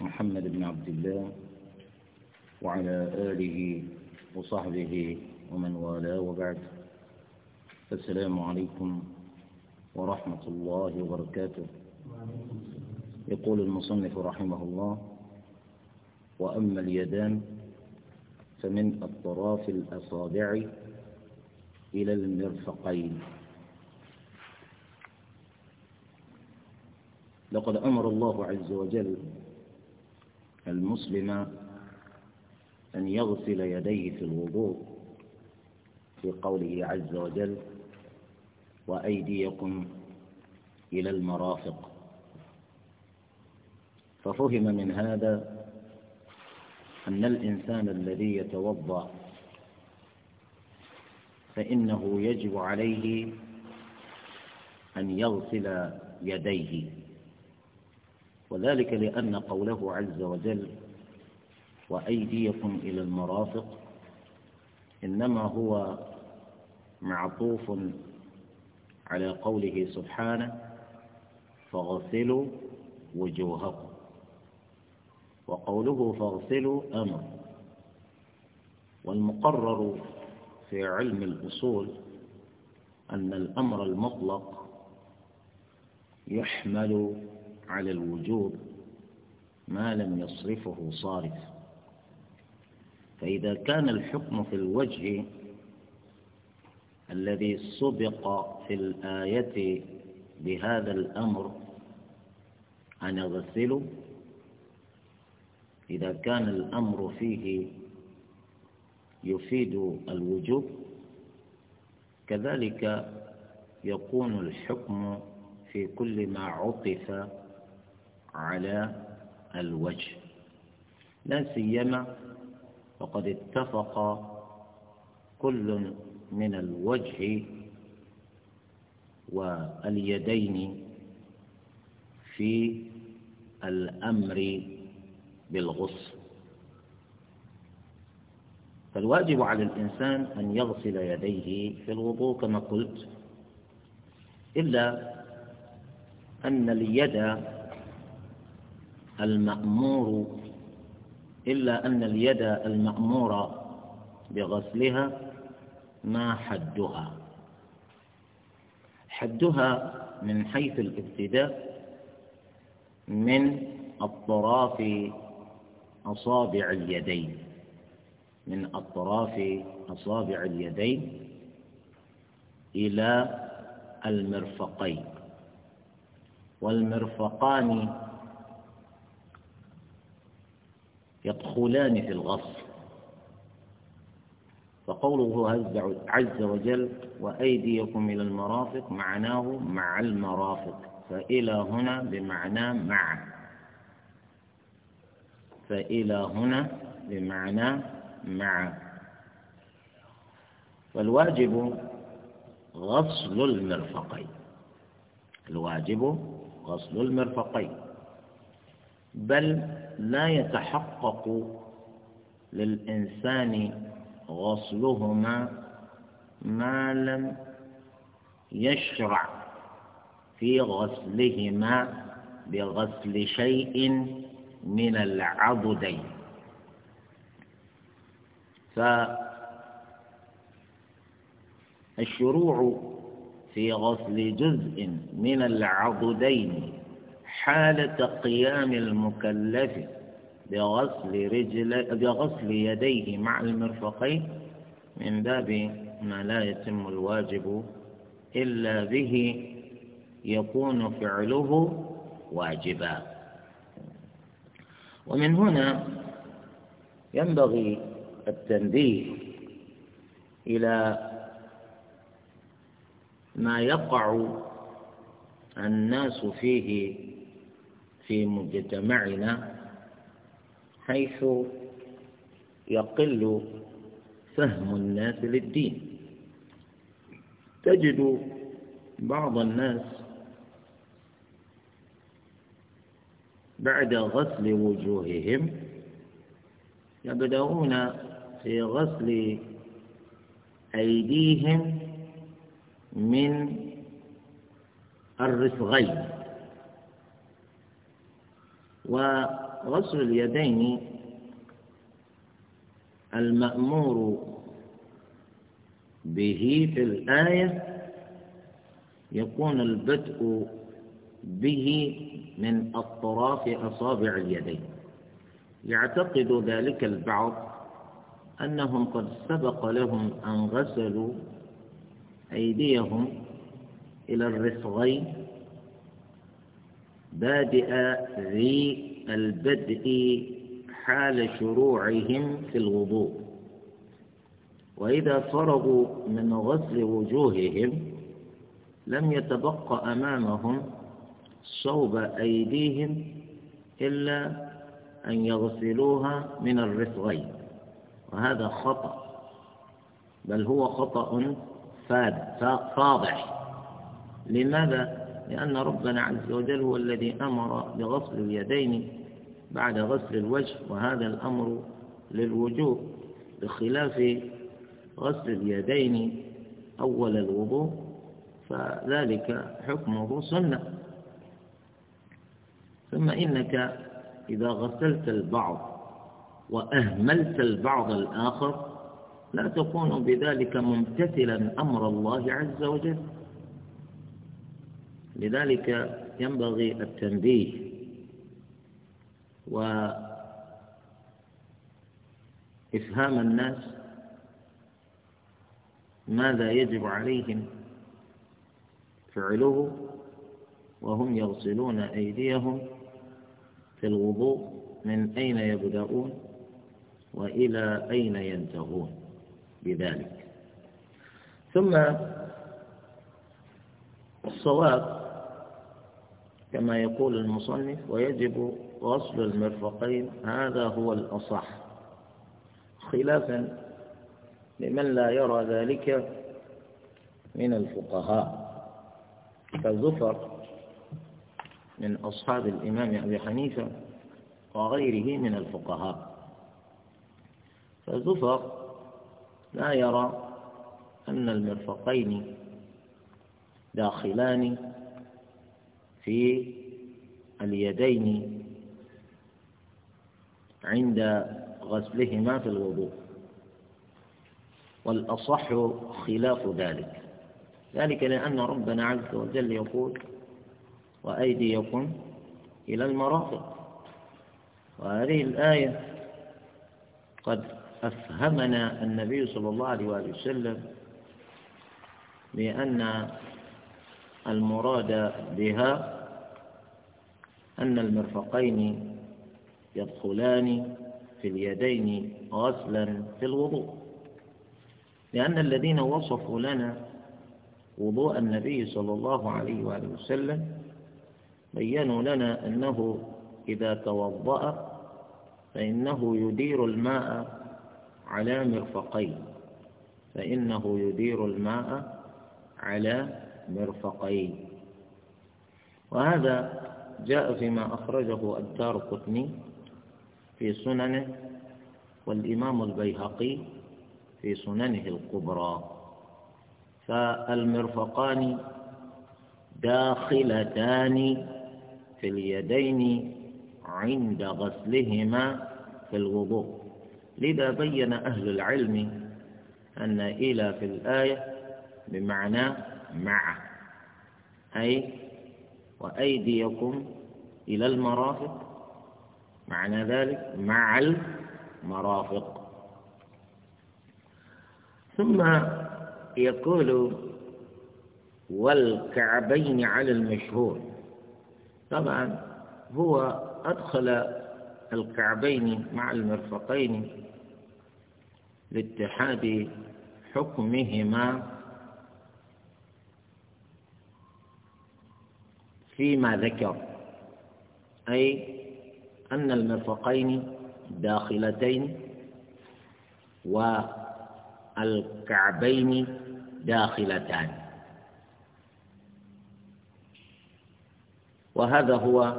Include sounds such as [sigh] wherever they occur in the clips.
محمد بن عبد الله وعلى آله وصحبه ومن والاه وبعد السلام عليكم ورحمة الله وبركاته يقول المصنف رحمه الله وأما اليدان فمن أطراف الأصابع إلى المرفقين لقد أمر الله عز وجل المسلم أن يغسل يديه في الوضوء في قوله عز وجل وأيديكم إلى المرافق ففهم من هذا أن الإنسان الذي يتوضأ فإنه يجب عليه أن يغسل يديه وذلك لأن قوله عز وجل وأيديكم إلى المرافق إنما هو معطوف على قوله سبحانه فاغسلوا وجوهكم وقوله فاغسلوا أمر والمقرر في علم الأصول أن الأمر المطلق يحمل على الوجوب ما لم يصرفه صارف فإذا كان الحكم في الوجه الذي سبق في الآية بهذا الأمر أن اغسلوا إذا كان الأمر فيه يفيد الوجوب كذلك يكون الحكم في كل ما عطف على الوجه لا سيما وقد اتفق كل من الوجه واليدين في الأمر بالغسل فالواجب على الإنسان أن يغسل يديه في الوضوء كما قلت إلا أن اليد المأمور إلا أن اليد المأمورة بغسلها ما حدها حدها من حيث الابتداء من أطراف أصابع اليدين من أطراف أصابع اليدين إلى المرفقين والمرفقان يدخلان في الغص فقوله عز وجل وأيديكم إلى المرافق معناه مع المرافق فإلى هنا بمعنى مع فإلى هنا بمعنى مع فالواجب غسل المرفقين الواجب غسل المرفقين بل لا يتحقق للإنسان غسلهما ما لم يشرع في غسلهما بغسل شيء من العضدين فالشروع في غسل جزء من العضدين حالة قيام المكلف بغسل رجل بغسل يديه مع المرفقين من باب ما لا يتم الواجب إلا به يكون فعله واجبا ومن هنا ينبغي التنبيه إلى ما يقع الناس فيه في مجتمعنا حيث يقل فهم الناس للدين تجد بعض الناس بعد غسل وجوههم يبدأون في غسل أيديهم من الرفغين وغسل اليدين المأمور به في الآية يكون البدء به من أطراف أصابع اليدين يعتقد ذلك البعض أنهم قد سبق لهم أن غسلوا أيديهم إلى الرفغين بادئ ذي البدء حال شروعهم في الوضوء وإذا فرغوا من غسل وجوههم لم يتبقى أمامهم صوب أيديهم إلا أن يغسلوها من الرفغين وهذا خطأ بل هو خطأ فاضح لماذا؟ لأن ربنا عز وجل هو الذي أمر بغسل اليدين بعد غسل الوجه وهذا الأمر للوجوب بخلاف غسل اليدين أول الوضوء فذلك حكمه سنة ثم إنك إذا غسلت البعض وأهملت البعض الآخر لا تكون بذلك ممتثلا أمر الله عز وجل لذلك ينبغي التنبيه وإفهام الناس ماذا يجب عليهم فعله وهم يغسلون أيديهم في الوضوء من أين يبدأون وإلى أين ينتهون بذلك ثم الصواب كما يقول المصنف ويجب غسل المرفقين هذا هو الأصح خلافا لمن لا يرى ذلك من الفقهاء كزفر من أصحاب الإمام أبي حنيفة وغيره من الفقهاء فزفر لا يرى أن المرفقين داخلان في اليدين عند غسلهما في الوضوء والأصح خلاف ذلك ذلك لأن ربنا عز وجل يقول وأيديكم إلى المرافق وهذه الآية قد أفهمنا النبي صلى الله عليه وسلم بأن المراد بها أن المرفقين يدخلان في اليدين غسلا في الوضوء لأن الذين وصفوا لنا وضوء النبي صلى الله عليه وآله وسلم بينوا لنا أنه إذا توضأ فإنه يدير الماء على مرفقين فإنه يدير الماء على مرفقين وهذا جاء فيما أخرجه الدار قطني في سننه والإمام البيهقي في سننه الكبرى فالمرفقان داخلتان في اليدين عند غسلهما في الوضوء لذا بين أهل العلم أن إلى في الآية بمعنى مع أي وأيديكم إلى المرافق معنى ذلك مع المرافق ثم يقول والكعبين على المشهور طبعا هو أدخل الكعبين مع المرفقين لاتحاد حكمهما فيما ذكر أي أن المرفقين داخلتين والكعبين داخلتان وهذا هو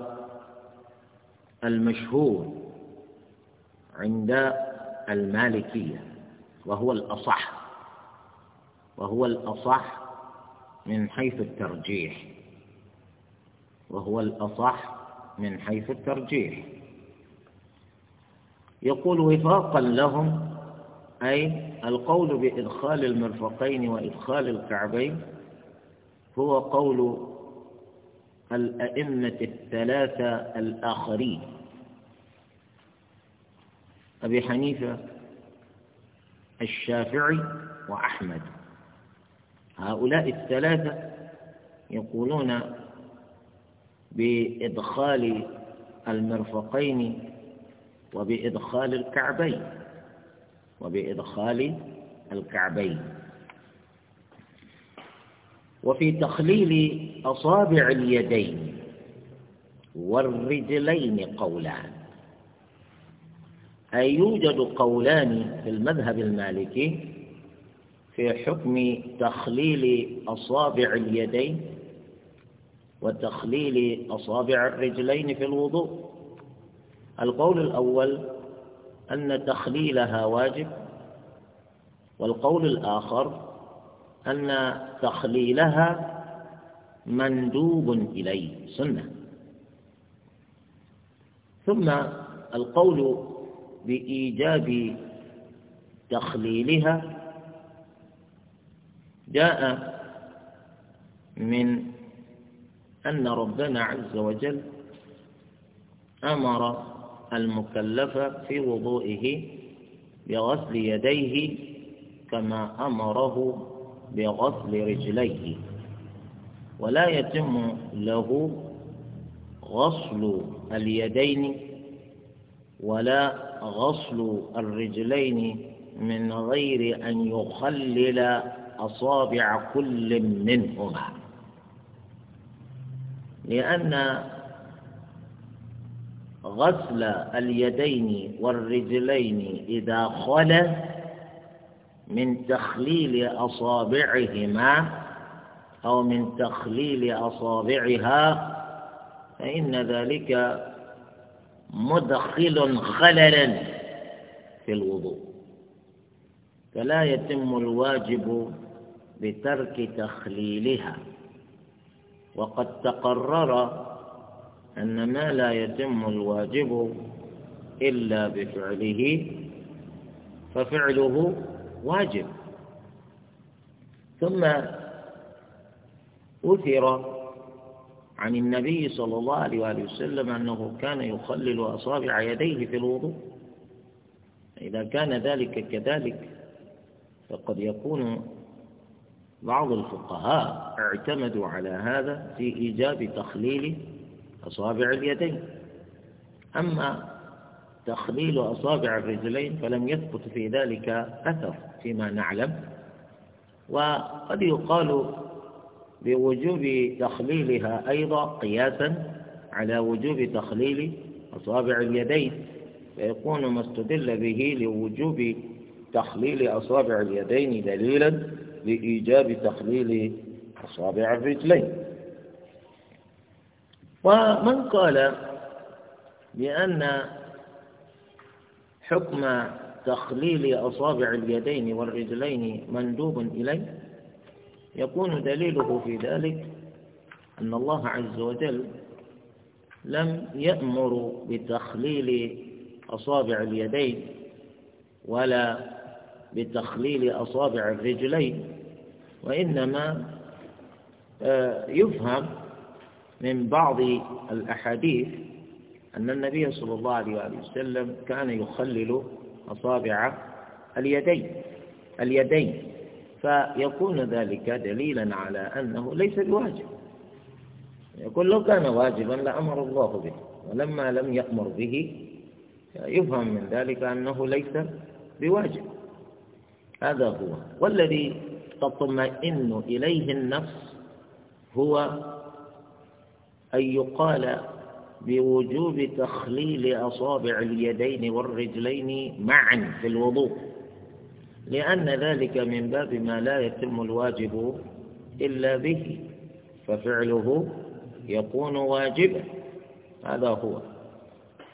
المشهور عند المالكية وهو الأصح وهو الأصح من حيث الترجيح وهو الأصح من حيث الترجيح يقول وفاقا لهم أي القول بإدخال المرفقين وإدخال الكعبين هو قول الأئمة الثلاثة الآخرين أبي حنيفة الشافعي وأحمد هؤلاء الثلاثة يقولون بإدخال المرفقين وبإدخال الكعبين وبإدخال الكعبين وفي تخليل أصابع اليدين والرجلين قولان أي يوجد قولان في المذهب المالكي في حكم تخليل أصابع اليدين وتخليل أصابع الرجلين في الوضوء القول الأول أن تخليلها واجب والقول الآخر أن تخليلها مندوب إليه سنة ثم القول بإيجاب تخليلها جاء من أن ربنا عز وجل أمر المكلف في وضوئه بغسل يديه كما أمره بغسل رجليه ولا يتم له غسل اليدين ولا غسل الرجلين من غير أن يخلل أصابع كل منهما لأن غسل اليدين والرجلين إذا خلا من تخليل أصابعهما أو من تخليل أصابعها فإن ذلك مدخل خللا في الوضوء فلا يتم الواجب بترك تخليلها وقد تقرر أن ما لا يتم الواجب إلا بفعله ففعله واجب ثم أثر عن النبي صلى الله عليه وآله وسلم أنه كان يخلل أصابع يديه في الوضوء إذا كان ذلك كذلك فقد يكون بعض الفقهاء اعتمدوا على هذا في إيجاب تخليل أصابع اليدين أما تخليل أصابع الرجلين فلم يثبت في ذلك أثر فيما نعلم وقد يقال بوجوب تخليلها أيضا قياسا على وجوب تخليل أصابع اليدين فيكون ما استدل به لوجوب تخليل أصابع اليدين دليلا لإيجاب تخليل أصابع الرجلين ومن قال بأن حكم تخليل أصابع اليدين والرجلين مندوب إليه يكون دليله في ذلك أن الله عز وجل لم يأمر بتخليل أصابع اليدين ولا بتخليل أصابع الرجلين وإنما آه، يفهم من بعض الأحاديث أن النبي صلى الله عليه وسلم كان يخلل أصابع اليدين اليدين فيكون ذلك دليلا على أنه ليس بواجب يقول لو كان واجبا لأمر الله به ولما لم يأمر به يفهم من ذلك أنه ليس بواجب هذا هو والذي تطمئن إليه النفس هو أن يقال بوجوب تخليل أصابع اليدين والرجلين معا في الوضوء لأن ذلك من باب ما لا يتم الواجب إلا به ففعله يكون واجبا هذا هو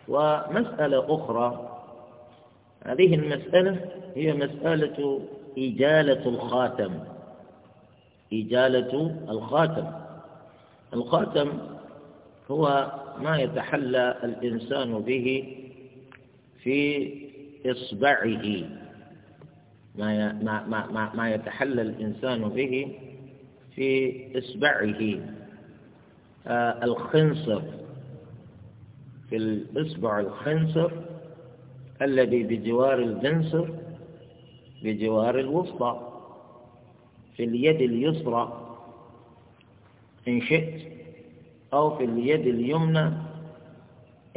ومسألة أخرى هذه المسألة هي مسألة إجالة الخاتم إجالة الخاتم الخاتم هو ما يتحلى الإنسان به في إصبعه ما ما ما ما يتحلى الإنسان به في إصبعه آه، الخنصر في الإصبع الخنصر الذي بجوار الجنصر بجوار الوسطى في اليد اليسرى إن شئت أو في اليد اليمنى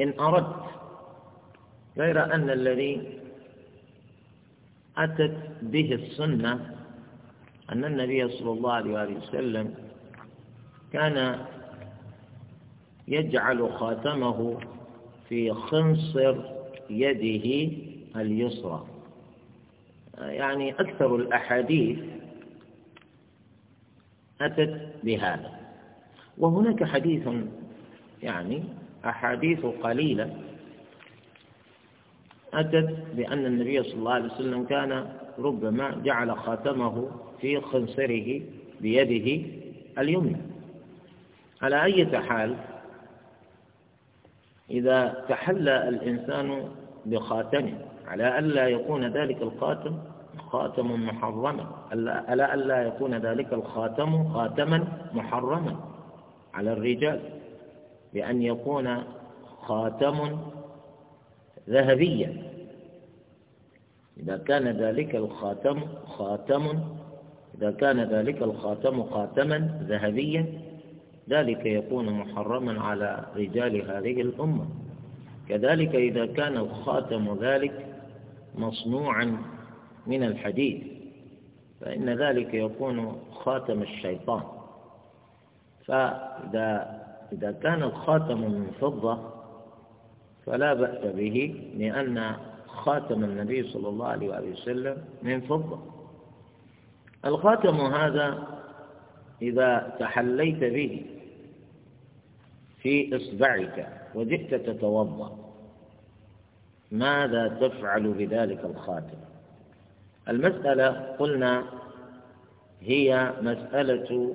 إن أردت غير أن الذي أتت به السنة أن النبي صلى الله عليه وسلم كان يجعل خاتمه في خنصر يده اليسرى يعني أكثر الأحاديث أتت بهذا وهناك حديث يعني أحاديث قليلة أتت بأن النبي صلى الله عليه وسلم كان ربما جعل خاتمه في خنصره بيده اليمنى على أي حال إذا تحلى الإنسان بخاتمه على ألا يكون ذلك الخاتم خاتم محرما على ألا يكون ذلك الخاتم خاتما محرما على الرجال بأن يكون خاتم ذهبيا إذا كان ذلك الخاتم خاتم إذا كان ذلك الخاتم خاتما ذهبيا ذلك يكون محرما على رجال هذه الأمة كذلك إذا كان الخاتم ذلك مصنوعا من الحديد فإن ذلك يكون خاتم الشيطان فإذا إذا كان الخاتم من فضة فلا بأس به لأن خاتم النبي صلى الله عليه وآله وسلم من فضة الخاتم هذا إذا تحليت به في إصبعك وجئت تتوضأ ماذا تفعل بذلك الخاتم المسألة قلنا هي مسألة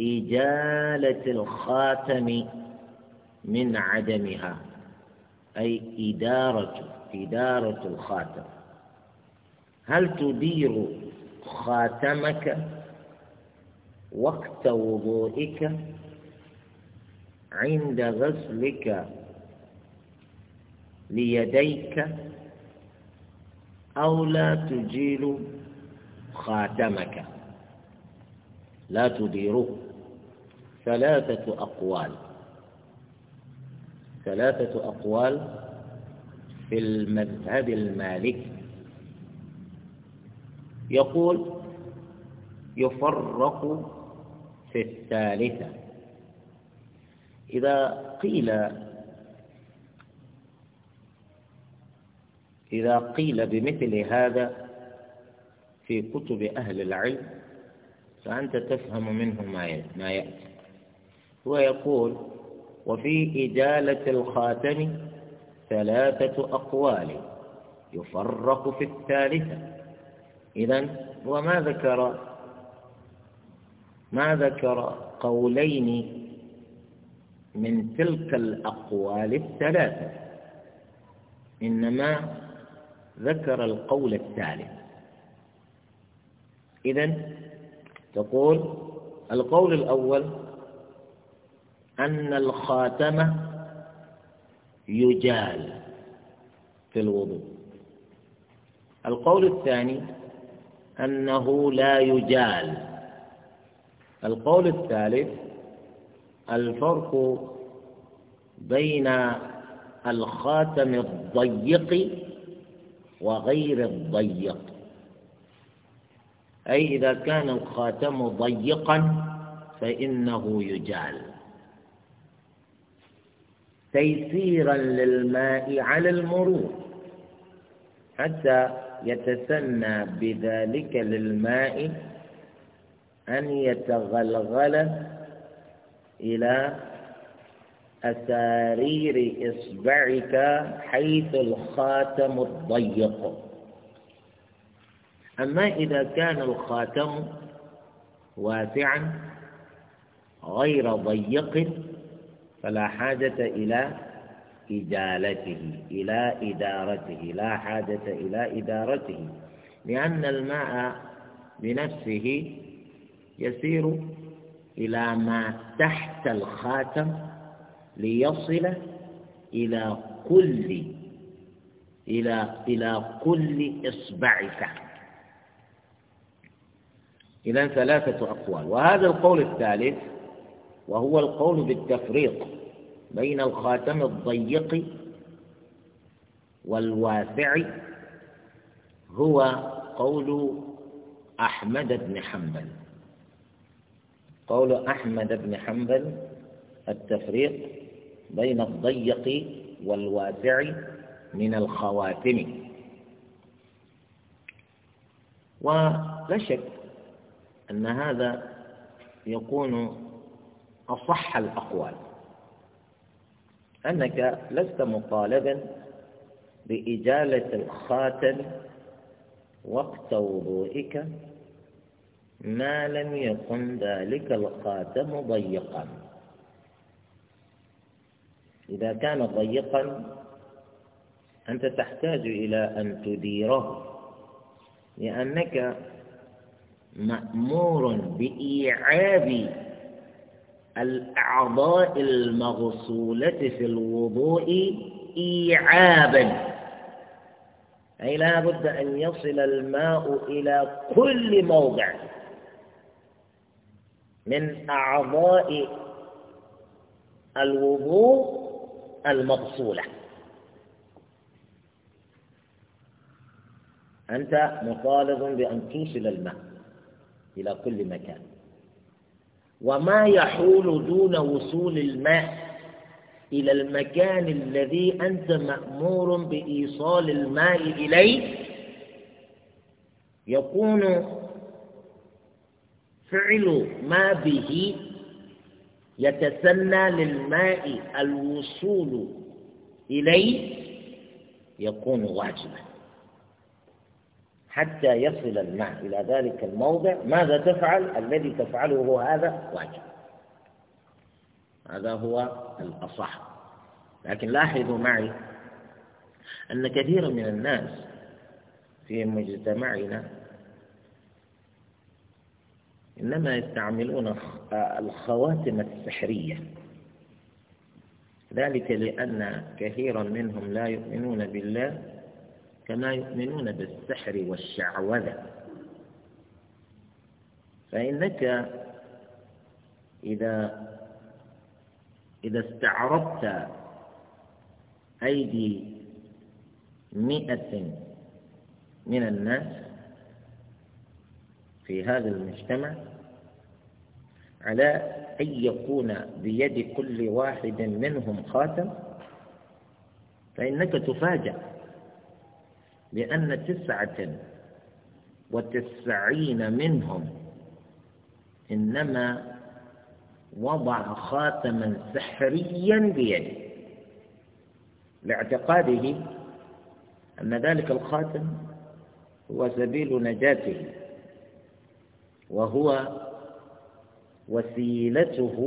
إجالة الخاتم من عدمها أي إدارة إدارة الخاتم هل تدير خاتمك وقت وضوئك عند غسلك ليديك أو لا تجيل خاتمك لا تديره ثلاثة أقوال ثلاثة أقوال في المذهب المالكي يقول يفرق في الثالثة إذا قيل إذا قيل بمثل هذا في كتب أهل العلم فأنت تفهم منه ما يأتي هو يقول وفي إجالة الخاتم ثلاثة أقوال يفرق في الثالثة إذا وما ذكر ما ذكر قولين من تلك الأقوال الثلاثة إنما ذكر القول الثالث إذن تقول القول الأول أن الخاتم يجال في الوضوء القول الثاني أنه لا يجال القول الثالث الفرق بين الخاتم الضيق وغير الضيق أي إذا كان الخاتم ضيقا فإنه يجعل تيسيرا للماء على المرور حتى يتسنى بذلك للماء أن يتغلغل إلى أسارير إصبعك حيث الخاتم الضيق أما إذا كان الخاتم واسعا غير ضيق فلا حاجة إلى إدالته إلى إدارته لا حاجة إلى إدارته لأن الماء بنفسه يسير إلى ما تحت الخاتم ليصل إلى كل إلى إلى كل إصبعك إذا ثلاثة أقوال وهذا القول الثالث وهو القول بالتفريق بين الخاتم الضيق والواسع هو قول أحمد بن حنبل قول أحمد بن حنبل التفريق بين الضيق والواسع من الخواتم ولا شك أن هذا يكون أصح الأقوال أنك لست مطالبا بإجالة الخاتم وقت وضوئك ما لم يكن ذلك الخاتم ضيقا إذا كان ضيقا أنت تحتاج إلى أن تديره لأنك مأمور بإيعاب الأعضاء المغسولة في الوضوء إيعابا أي لا بد أن يصل الماء إلى كل موضع من أعضاء الوضوء المبصولة أنت مطالب بأن توصل الماء إلى كل مكان وما يحول دون وصول الماء إلى المكان الذي أنت مأمور بإيصال الماء إليه يكون فعل ما به يتسنى للماء الوصول إليه يكون واجبا حتى يصل الماء إلى ذلك الموضع ماذا تفعل الذي تفعله هو هذا واجب هذا هو الأصح لكن لاحظوا معي أن كثيرا من الناس في مجتمعنا إنما يستعملون آه، الخواتم السحرية ذلك لأن كثيرا منهم لا يؤمنون بالله كما يؤمنون بالسحر والشعوذة فإنك إذا إذا استعرضت أيدي مئة من الناس في هذا المجتمع على أن يكون بيد كل واحد منهم خاتم فإنك تفاجأ بأن تسعة وتسعين منهم إنما وضع خاتما سحريا بيده لاعتقاده أن ذلك الخاتم هو سبيل نجاته وهو وسيلته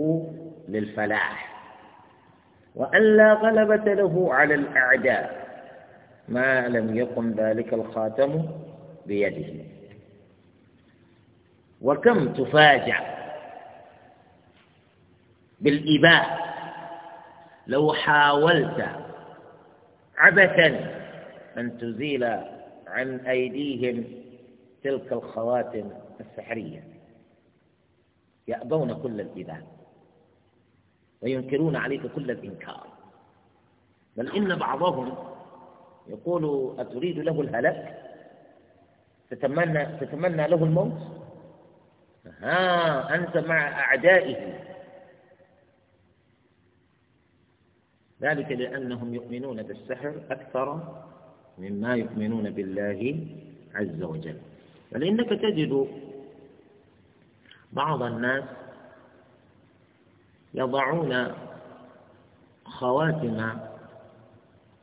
للفلاح وأن لا غلبة له على الأعداء ما لم يقم ذلك الخاتم بيده وكم تفاجأ بالإباء لو حاولت عبثا أن تزيل عن أيديهم تلك الخواتم السحرية يأبون كل الإذان وينكرون عليك كل الإنكار بل إن بعضهم يقول أتريد له الهلاك تتمنى, تتمنى له الموت ها أنت مع أعدائه ذلك لأنهم يؤمنون بالسحر أكثر مما يؤمنون بالله عز وجل بل إنك تجد بعض الناس يضعون خواتم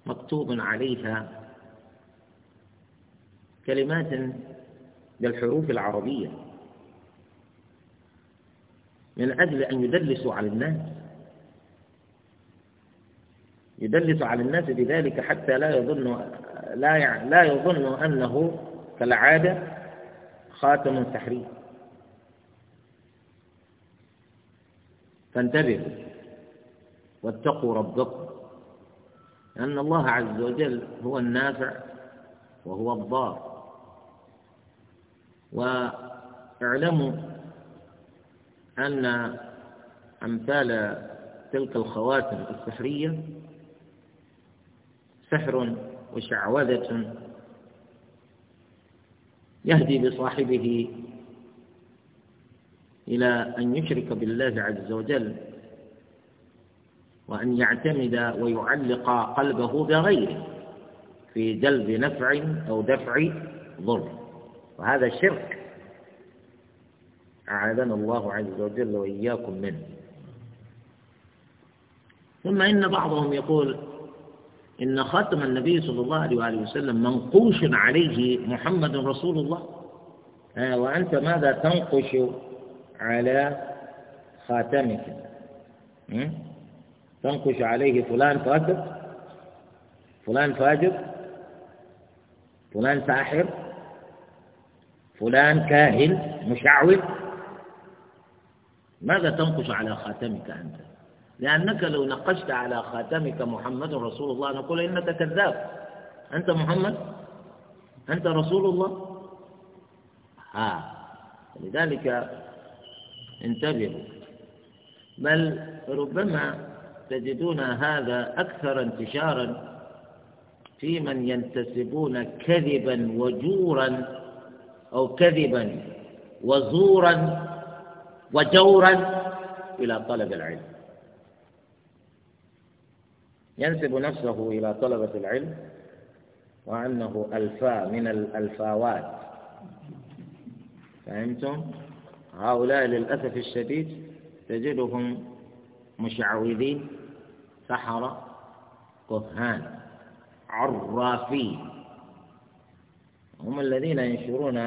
مكتوب عليها كلمات بالحروف العربية من أجل أن يدلسوا على الناس يدلس على الناس بذلك حتى لا يظن لا لا يظن أنه كالعادة خاتم سحري فانتبهوا واتقوا ربكم لأن الله عز وجل هو النافع وهو الضار واعلموا أن أمثال تلك الخواتم السحرية سحر وشعوذة يهدي بصاحبه إلى أن يشرك بالله عز وجل وأن يعتمد ويعلق قلبه بغيره في جلب نفع أو دفع ضر وهذا شرك أعاذنا الله عز وجل وإياكم منه ثم إن بعضهم يقول إن خاتم النبي صلى الله عليه وآله وسلم منقوش عليه محمد رسول الله آه، وأنت ماذا تنقش على خاتمك تنقش عليه فلان فاسق فلان فاجر فلان ساحر فلان كاهن مشعوذ ماذا تنقش على خاتمك أنت لأنك لو نقشت على خاتمك محمد رسول الله نقول إنك كذاب أنت محمد أنت رسول الله ها لذلك انتبهوا بل ربما تجدون هذا أكثر انتشارا في من ينتسبون كذبا وجورا أو كذبا وزورا وجورا إلى طلب العلم ينسب نفسه إلى طلبة العلم وأنه ألفا من الألفاوات فهمتم؟ هؤلاء للأسف الشديد تجدهم مشعوذين سحرة كهان عرافين هم الذين ينشرون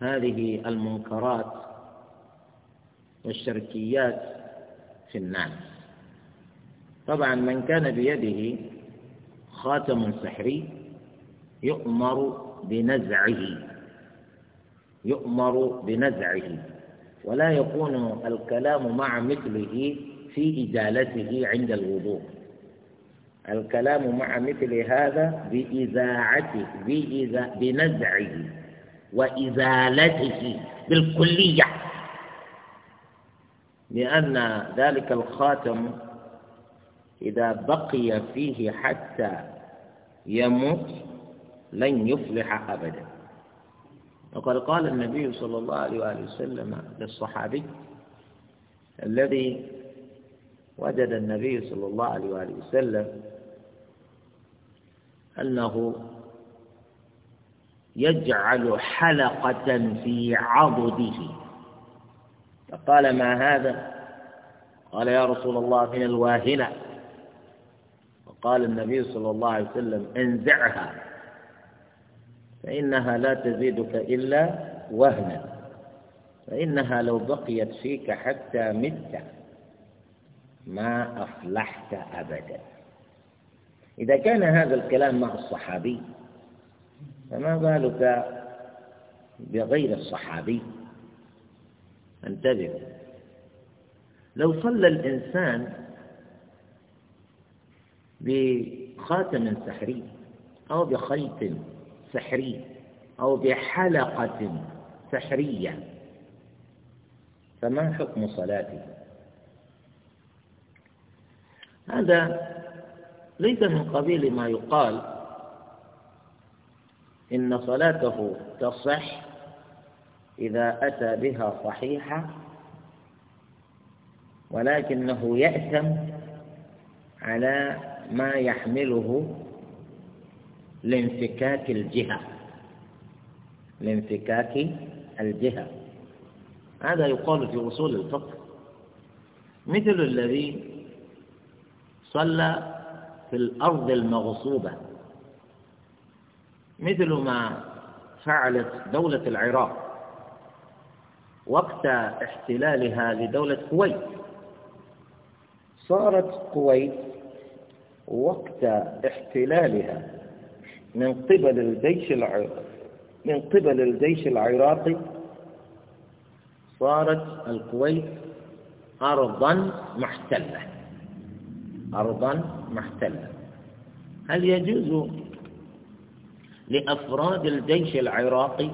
هذه المنكرات والشركيات في الناس طبعا من كان بيده خاتم سحري يؤمر بنزعه يؤمر بنزعه ولا يكون الكلام مع مثله في إزالته عند الوضوء الكلام مع مثل هذا بإذاعته بإذا بنزعه وإزالته بالكلية لأن ذلك الخاتم إذا بقي فيه حتى يموت لن يفلح أبدا وقد قال النبي صلى الله عليه وآله وسلم للصحابي الذي وجد النبي صلى الله عليه وآله وسلم أنه يجعل حلقة في عضده فقال ما هذا قال يا رسول الله من الواهنة فقال النبي صلى الله عليه وسلم انزعها فإنها لا تزيدك إلا وهنا فإنها لو بقيت فيك حتى مت ما أفلحت أبدا إذا كان هذا الكلام مع الصحابي فما بالك بغير الصحابي انتبه لو صلى الإنسان بخاتم سحري أو بخيط سحري أو بحلقة سحرية فما حكم صلاته هذا ليس من قبيل ما يقال إن صلاته تصح إذا أتى بها صحيحة ولكنه يأثم على ما يحمله لانفكاك الجهة لانفكاك الجهة هذا يقال في أصول الفقه مثل الذي صلى في الأرض المغصوبة مثل ما فعلت دولة العراق وقت احتلالها لدولة الكويت صارت الكويت وقت احتلالها من قبل الجيش العراقي من قبل الجيش العراقي صارت الكويت أرضا محتلة أرضا محتلة هل يجوز لأفراد الجيش العراقي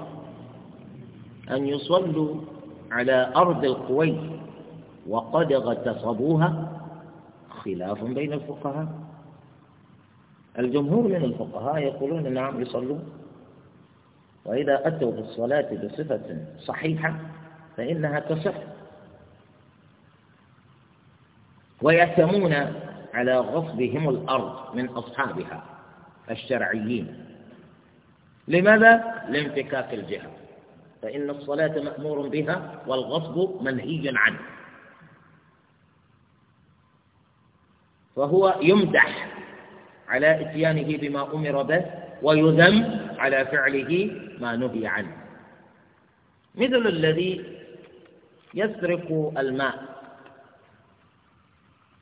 أن يصلوا على أرض الكويت وقد اغتصبوها خلاف بين الفقهاء الجمهور من الفقهاء يقولون نعم يصلون وإذا أتوا بالصلاة بصفة صحيحة فإنها تصح ويأتمون على غصبهم الأرض من أصحابها الشرعيين لماذا؟ لانفكاك الجهة فإن الصلاة مأمور بها والغصب منهي عنه فهو يمدح على إتيانه بما أمر به ويذم على فعله ما نهي عنه مثل الذي يسرق الماء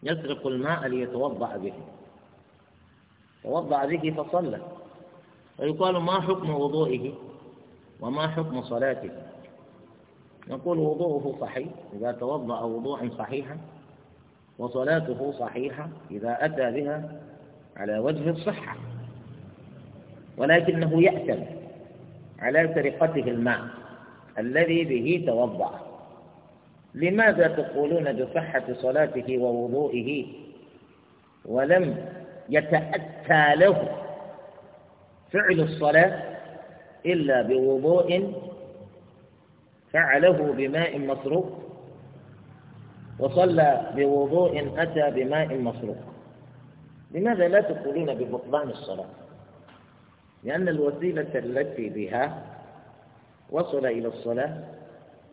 يسرق الماء ليتوضأ به توضأ به فصلى ويقال ما حكم وضوئه وما حكم صلاته نقول وضوءه صحيح إذا توضأ وضوءا صحيحا وصلاته صحيحة إذا أتى بها على وجه الصحة ولكنه يأتم على سرقته الماء الذي به توضأ لماذا تقولون بصحة صلاته ووضوئه ولم يتأتى له فعل الصلاة إلا بوضوء فعله بماء مسروق وصلى بوضوء أتى بماء مسروق لماذا لا تقولين ببطلان الصلاة لأن الوسيلة التي بها وصل إلى الصلاة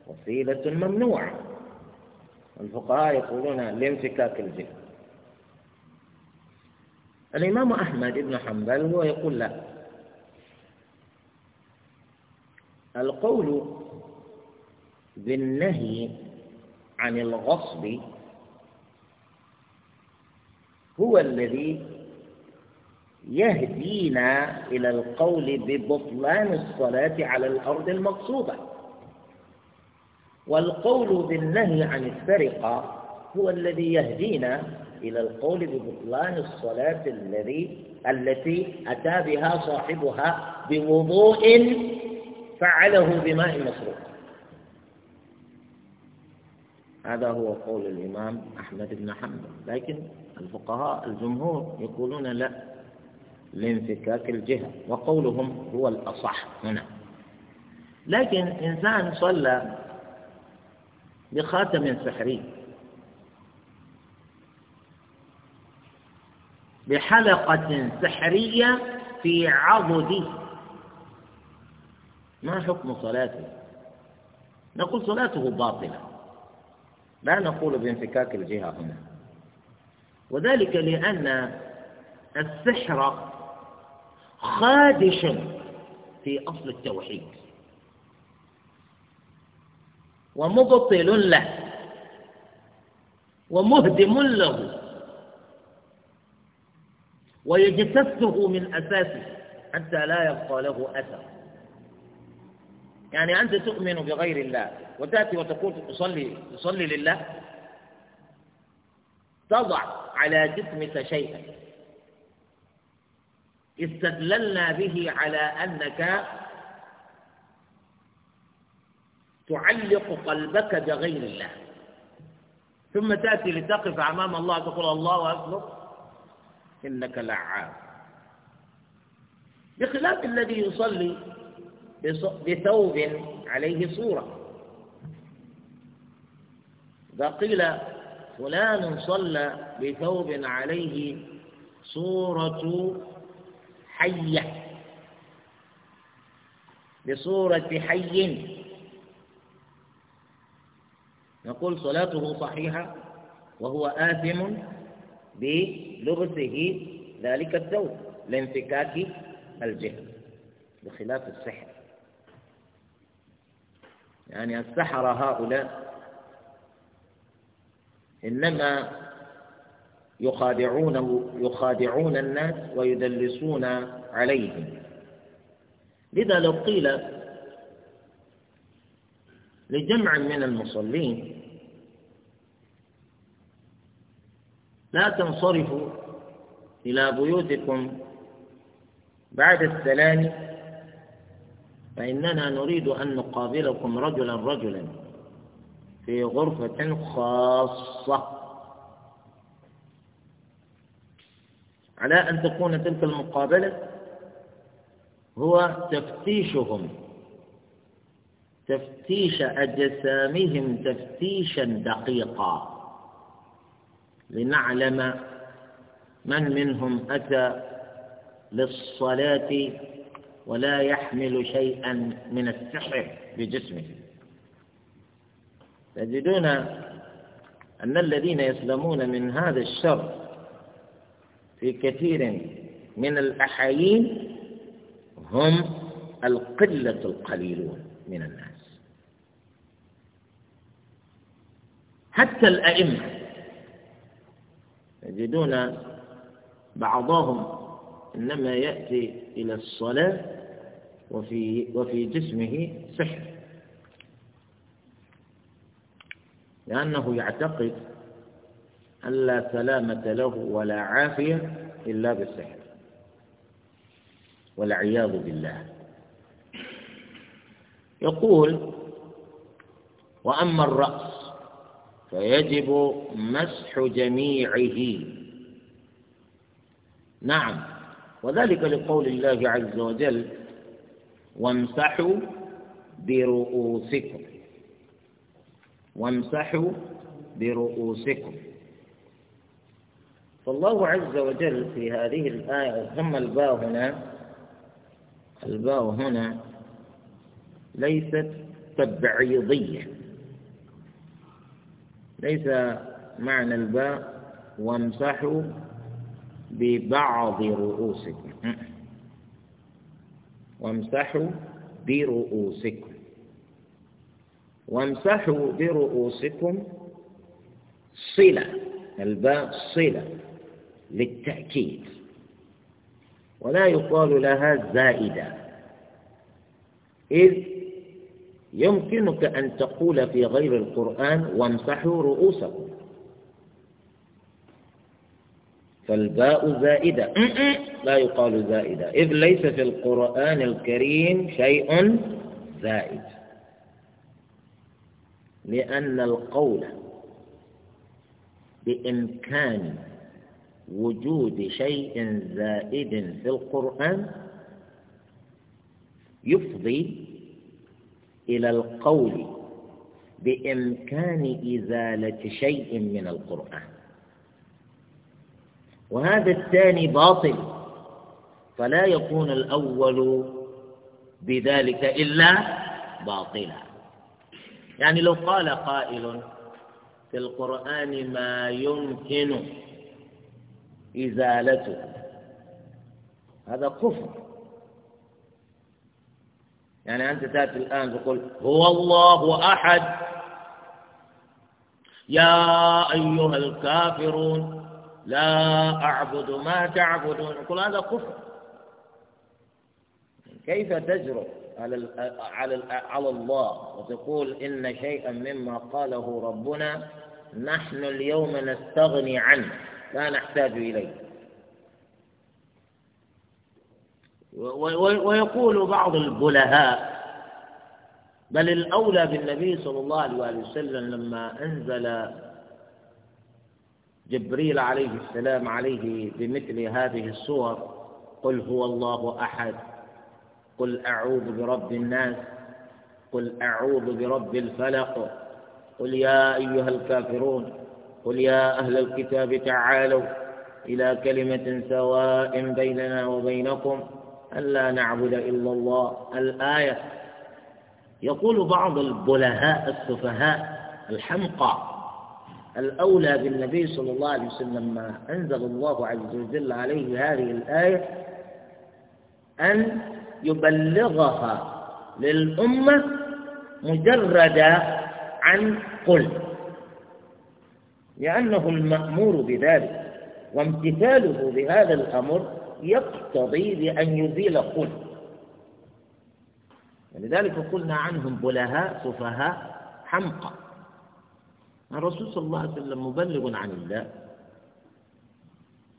وسيلة ممنوعة الفقهاء يقولون لانفكاك الجن الإمام أحمد بن حنبل هو يقول لا القول بالنهي عن الغصب هو الذي يهدينا إلى القول ببطلان الصلاة على الأرض المقصودة والقول بالنهي عن السرقة هو الذي يهدينا إلى القول ببطلان الصلاة الذي التي أتى بها صاحبها بوضوء فعله بماء مسروق هذا هو قول الإمام أحمد بن حنبل لكن الفقهاء الجمهور يقولون لا لانفكاك الجهة وقولهم هو الأصح هنا لكن إنسان صلى بخاتم سحري بحلقة سحرية في عضده ما حكم صلاته نقول صلاته باطلة لا نقول بانفكاك الجهة هنا وذلك لأن السحر خادش في أصل التوحيد ومبطل له ومهدم له ويجتثه من أساسه حتى لا يبقى له أثر يعني أنت تؤمن بغير الله وتأتي وتقول تصلي تصلي لله تضع على جسمك شيئا استدللنا به على أنك تعلق قلبك بغير الله ثم تأتي لتقف أمام الله تقول الله أكبر إنك لعاب بخلاف الذي يصلي بثوب عليه صورة إذا قيل فلان صلى بثوب عليه صورة حية بصورة حي نقول صلاته صحيحة وهو آثم بلغته ذلك الثوب لانفكاك الجهل بخلاف السحر يعني السحر هؤلاء إنما يخادعونه يخادعون الناس ويدلسون عليهم لذا لو قيل لجمع من المصلين لا تنصرفوا إلى بيوتكم بعد السلام فإننا نريد أن نقابلكم رجلا رجلا في غرفة خاصة على أن تكون تلك المقابلة هو تفتيشهم تفتيش أجسامهم تفتيشا دقيقا لنعلم من منهم أتى للصلاة ولا يحمل شيئا من السحر بجسمه تجدون أن الذين يسلمون من هذا الشر في كثير من الأحايين هم القلة القليلون من الناس حتى الأئمة تجدون بعضهم إنما يأتي إلى الصلاة وفي وفي جسمه سحر لأنه يعتقد أن لا سلامة له ولا عافية إلا بالسحر والعياذ بالله يقول وأما الرأس فيجب مسح جميعه نعم وذلك لقول الله عز وجل وامسحوا برؤوسكم وامسحوا برؤوسكم فالله عز وجل في هذه الآية ثم الباء هنا الباء هنا ليست تبعيضية ليس معنى الباء وامسحوا ببعض رؤوسكم [laughs] وامسحوا برؤوسكم وامسحوا برؤوسكم صلة الباء صلة للتأكيد ولا يقال لها زائدة إذ يمكنك أن تقول في غير القرآن وامسحوا رؤوسكم فالباء زائدة لا يقال زائدة إذ ليس في القرآن الكريم شيء زائد لأن القول بإمكان وجود شيء زائد في القرآن يفضي إلى القول بإمكان إزالة شيء من القرآن وهذا الثاني باطل فلا يكون الأول بذلك إلا باطلا يعني لو قال قائل في القرآن ما يمكن إزالته هذا كفر يعني أنت تأتي الآن تقول هو الله أحد يا أيها الكافرون لا أعبد ما تعبدون يقول هذا كفر كيف تجرؤ على على على الله وتقول إن شيئا مما قاله ربنا نحن اليوم نستغني عنه لا نحتاج إليه ويقول بعض البلهاء بل الأولى بالنبي صلى الله عليه وسلم لما أنزل جبريل عليه السلام عليه بمثل هذه الصور قل هو الله أحد قل أعوذ برب الناس قل أعوذ برب الفلق قل يا أيها الكافرون قل يا أهل الكتاب تعالوا إلى كلمة سواء بيننا وبينكم ألا نعبد إلا الله الآية يقول بعض البلهاء السفهاء الحمقى الأولى بالنبي صلى الله عليه وسلم ما أنزل الله عز وجل عليه هذه الآية أن يبلغها للأمة مجرد عن قل لأنه المأمور بذلك وامتثاله بهذا الأمر يقتضي بأن يزيل قل ولذلك قلنا عنهم بلهاء سفهاء حمقى الرسول صلى الله عليه وسلم مبلغ عن الله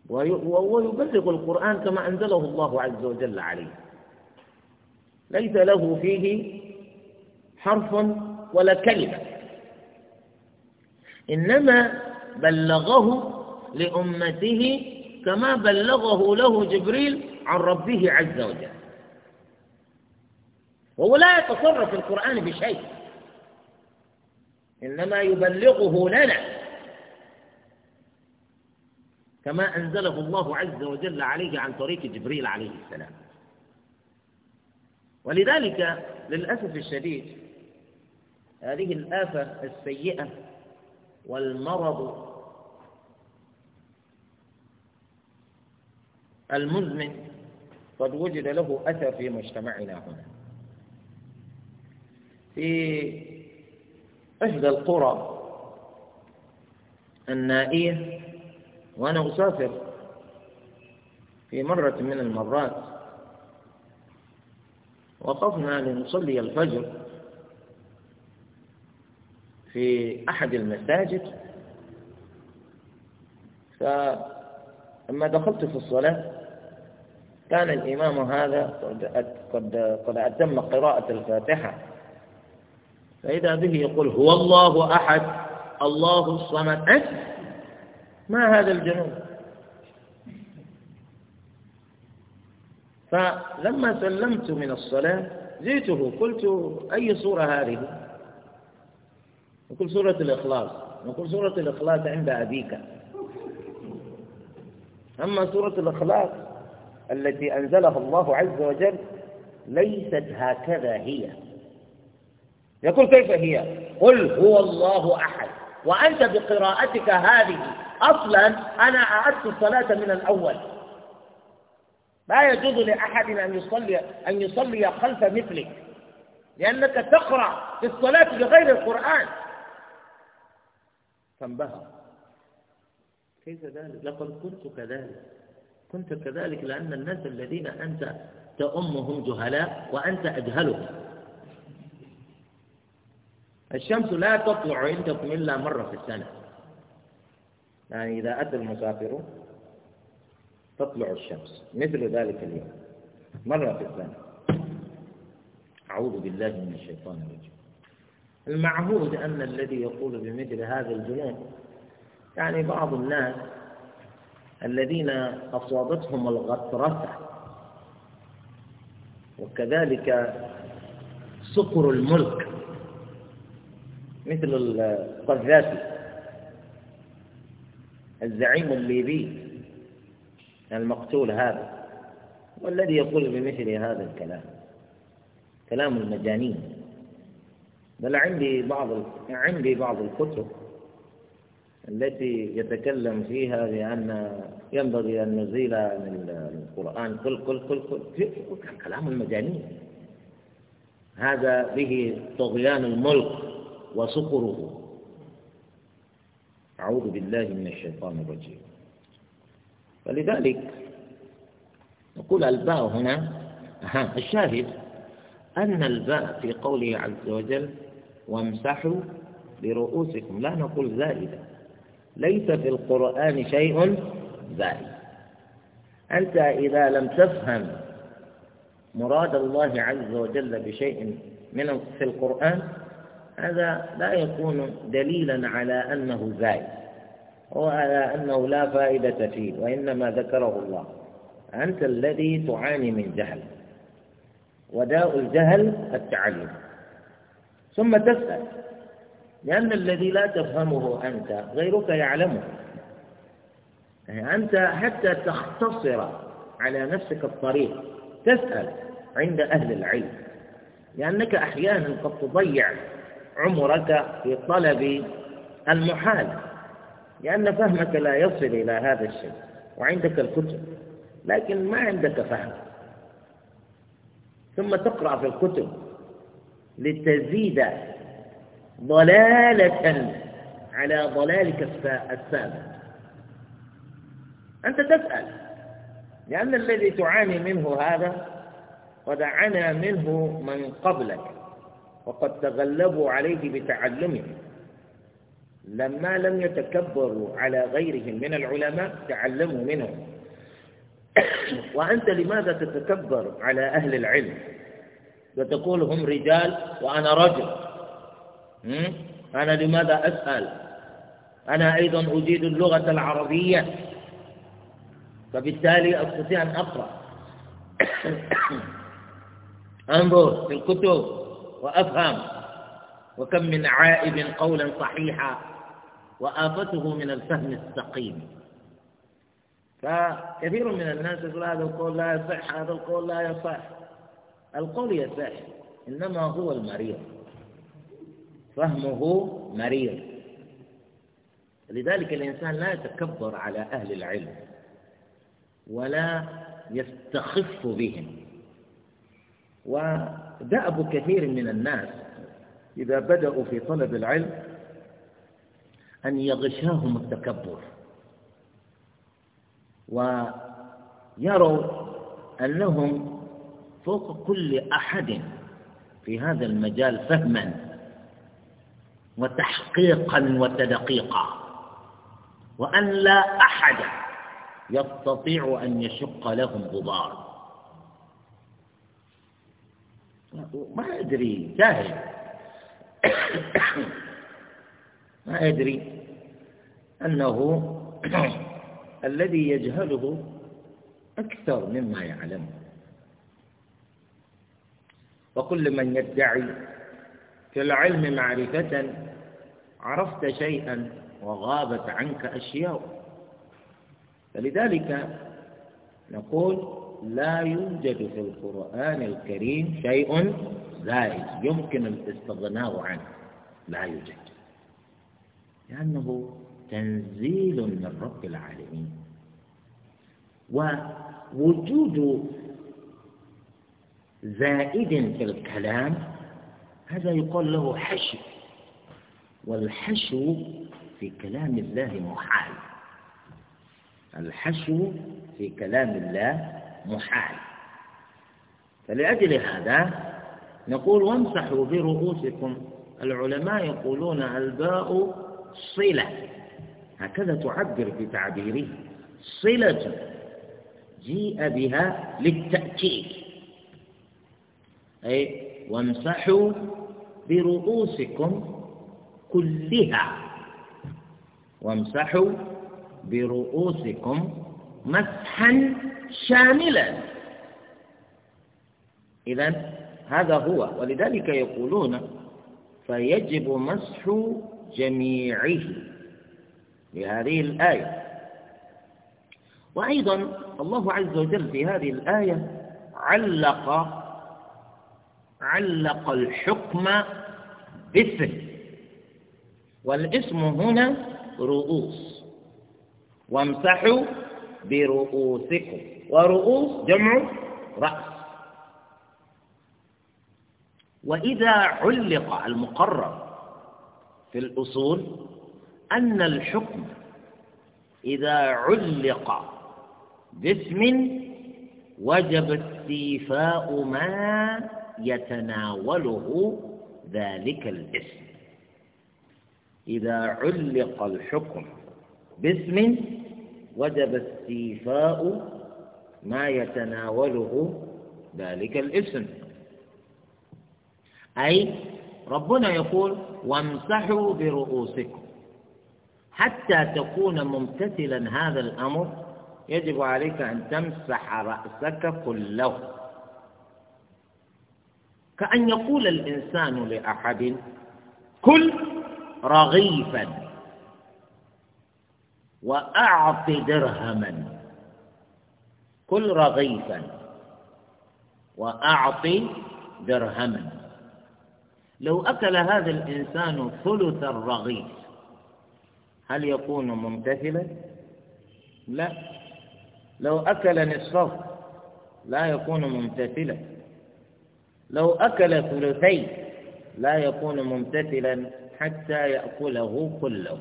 وهو يبلغ القرآن كما أنزله الله عز وجل عليه ليس له فيه حرف ولا كلمة إنما بلغه لأمته كما بلغه له جبريل عن ربه عز وجل وهو لا يتصرف في القرآن بشيء إنما يبلغه لنا كما أنزله الله عز وجل عليه عن طريق جبريل عليه السلام ولذلك للأسف الشديد هذه الآفة السيئة والمرض المزمن قد وجد له أثر في مجتمعنا هنا في إحدى القرى النائية وأنا أسافر في مرة من المرات وقفنا لنصلي الفجر في أحد المساجد فلما دخلت في الصلاة كان الإمام هذا قد قد قد أتم قراءة الفاتحة فإذا به يقول هو الله أحد الله الصمد ما هذا الجنون فلما سلمت من الصلاة جئته قلت أي صورة هذه نقول سورة الإخلاص نقول سورة الإخلاص عند أبيك أما سورة الإخلاص التي أنزلها الله عز وجل ليست هكذا هي يقول كيف هي قل هو الله أحد وأنت بقراءتك هذه أصلا أنا أعدت الصلاة من الأول لا يجوز لأحد أن يصلي أن يصلي خلف مثلك لأنك تقرأ في الصلاة بغير القرآن فانبهر كيف ذلك؟ لقد كنت كذلك كنت كذلك لأن الناس الذين أنت تأمهم جهلاء وأنت أجهلهم الشمس لا تطلع عندكم إلا مرة في السنة يعني إذا أتى المسافرون تطلع الشمس مثل ذلك اليوم مرة في السنة أعوذ بالله من الشيطان الرجيم المعهود أن الذي يقول بمثل هذا الجنون يعني بعض الناس الذين أصابتهم الغطرسة وكذلك سكر الملك مثل القذافي الزعيم الليبي المقتول هذا والذي يقول بمثل هذا الكلام كلام المجانين بل عندي بعض عندي بعض الكتب التي يتكلم فيها بأن ينبغي أن نزيل من القرآن كل كل كل كل كلام المجانين هذا به طغيان الملك وسكره أعوذ بالله من الشيطان الرجيم فلذلك نقول الباء هنا الشاهد أن الباء في قوله عز وجل وامسحوا برؤوسكم لا نقول زائدة ليس في القرآن شيء زائد أنت إذا لم تفهم مراد الله عز وجل بشيء من في القرآن هذا لا يكون دليلا على أنه زائد وعلى أنه لا فائدة فيه وإنما ذكره الله أنت الذي تعاني من جهل وداء الجهل التعلم ثم تسأل لأن الذي لا تفهمه أنت غيرك يعلمه يعني أنت حتى تختصر على نفسك الطريق تسأل عند أهل العلم لأنك أحيانا قد تضيع عمرك في طلب المحال لأن فهمك لا يصل إلى هذا الشيء وعندك الكتب لكن ما عندك فهم ثم تقرأ في الكتب لتزيد ضلالة على ضلالك السابق أنت تسأل لأن الذي تعاني منه هذا قد عانى منه من قبلك وقد تغلبوا عليه بتعلمهم لما لم يتكبروا على غيرهم من العلماء تعلموا منهم [coughs] وأنت لماذا تتكبر على أهل العلم وتقول هم رجال وأنا رجل أنا لماذا أسأل أنا أيضا أجيد اللغة العربية فبالتالي أستطيع أن أقرأ [coughs] أنظر في الكتب وأفهم وكم من عائب قولا صحيحا وآفته من الفهم السقيم فكثير من الناس يقول هذا القول لا يصح هذا القول لا يصح القول يصح إنما هو المريض فهمه مريض لذلك الإنسان لا يتكبر على أهل العلم ولا يستخف بهم ودأب كثير من الناس إذا بدأوا في طلب العلم أن يغشاهم التكبر ويروا أنهم فوق كل أحد في هذا المجال فهما وتحقيقا وتدقيقا وأن لا أحد يستطيع أن يشق لهم غبار ما أدري جاهل [coughs] ما أدري أنه [clears throat] الذي يجهله أكثر مما يعلمه وكل من يدعي في العلم معرفة عرفت شيئا وغابت عنك أشياء فلذلك نقول لا يوجد في القرآن الكريم شيء زائد يمكن الاستغناء عنه لا يوجد لأنه تنزيل من رب العالمين ووجود زائد في الكلام هذا يقال له حشو والحشو في كلام الله محال الحشو في كلام الله محال فلأجل هذا نقول وامسحوا برؤوسكم العلماء يقولون الباء صلة هكذا تعبر في تعبيره صلة جيء بها للتأكيد أي وامسحوا برؤوسكم كلها وامسحوا برؤوسكم مسحا شاملا إذا هذا هو ولذلك يقولون فيجب مسح جميعه لهذه الآية وأيضا الله عز وجل في هذه الآية علق علق الحكم باسم والاسم هنا رؤوس وامسحوا برؤوسكم ورؤوس جمع رأس وإذا علق المقرر في الأصول أن الحكم إذا علق باسم وجب استيفاء ما يتناوله ذلك الاسم إذا علق الحكم باسم وجب استيفاء ما يتناوله ذلك الاسم أي ربنا يقول وامسحوا برؤوسكم حتى تكون ممتثلا هذا الأمر يجب عليك أن تمسح رأسك كله كأن يقول الإنسان لأحد كل رغيفا وأعط درهما كل رغيفا وأعط درهما لو أكل هذا الإنسان ثلث الرغيف هل يكون ممتثلا لا لو أكل نصفه لا يكون ممتثلا لو أكل ثلثي لا يكون ممتثلا حتى يأكله كله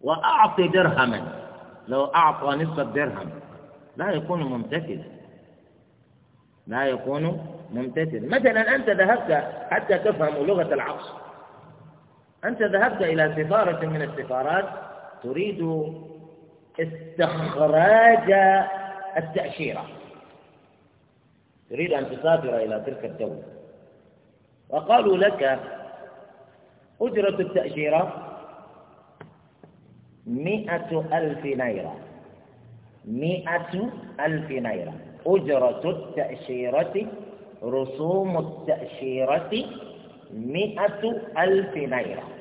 وأعط درهما لو أعطى نصف الدرهم لا يكون ممتثلا لا يكون ممتثلا مثلا أنت ذهبت حتى تفهم لغة العصر أنت ذهبت إلى سفارة من السفارات تريد استخراج التأشيرة تريد أن تسافر إلى تلك الدولة وقالوا لك أجرة التأشيرة مئة ألف ليرة مئة ألف ليرة أجرة التأشيرة رسوم التأشيرة مئة ألف ليرة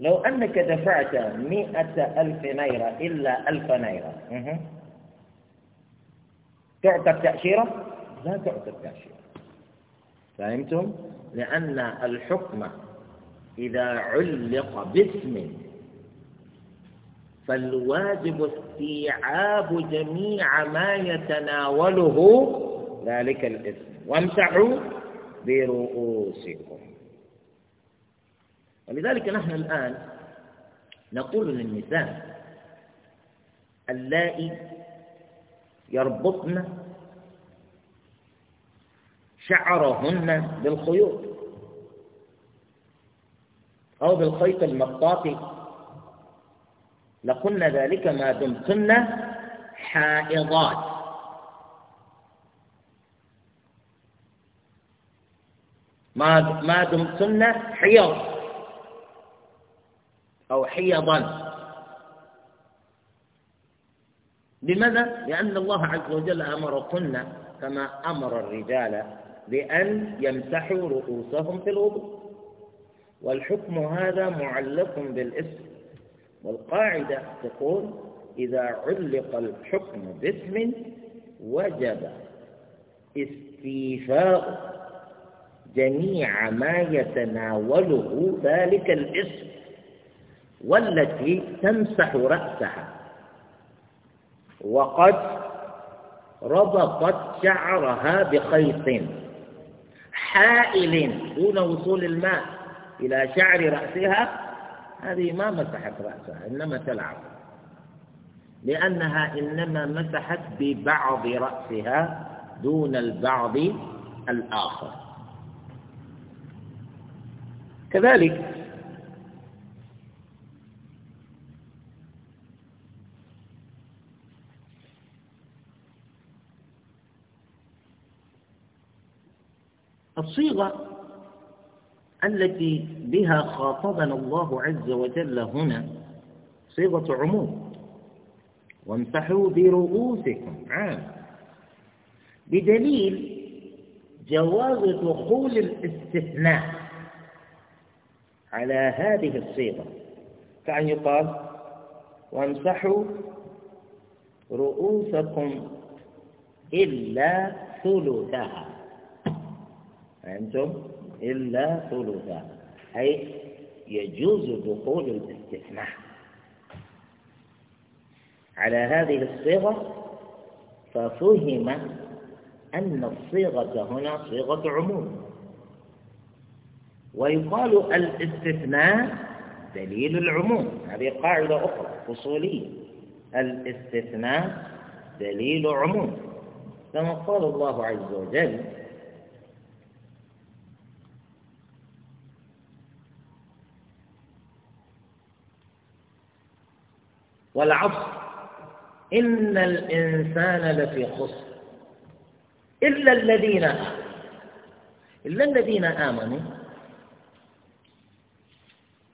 لو أنك دفعت مئة ألف ليرة إلا ألف ليرة تعطى تأشيرة؟ لا تعطى تأشيرة فهمتم؟ لأن الحكم إذا علق باسم فالواجب استيعاب جميع ما يتناوله ذلك الاسم وامسحوا برؤوسكم ولذلك نحن الآن نقول للنساء اللائي يربطن شعرهن بالخيوط أو بالخيط المطاطي لقلنا ذلك ما دمتن حائضات ما ما دمتن حيض أو حيضا لماذا؟ لأن الله عز وجل أمركن كما أمر الرجال بأن يمسحوا رؤوسهم في الوضوء والحكم هذا معلق بالاسم والقاعدة تقول إذا علق الحكم باسم وجب استيفاء جميع ما يتناوله ذلك الاسم والتي تمسح رأسها وقد ربطت شعرها بخيط حائل دون وصول الماء إلى شعر رأسها هذه ما مسحت رأسها إنما تلعب لأنها إنما مسحت ببعض رأسها دون البعض الآخر كذلك الصيغة التي بها خاطبنا الله عز وجل هنا صيغة عموم وامسحوا برؤوسكم عام بدليل جواز دخول الاستثناء على هذه الصيغة كأن يقال وامسحوا رؤوسكم إلا ثلثها أنتم إلا ثلثا أي يجوز دخول الاستثناء على هذه الصيغة ففهم أن الصيغة هنا صيغة عموم ويقال الاستثناء دليل العموم هذه قاعدة أخرى أصولية الاستثناء دليل عموم كما قال الله عز وجل والعصر إن الإنسان لفي خسر إلا الذين آمنوا إلا الذين آمنوا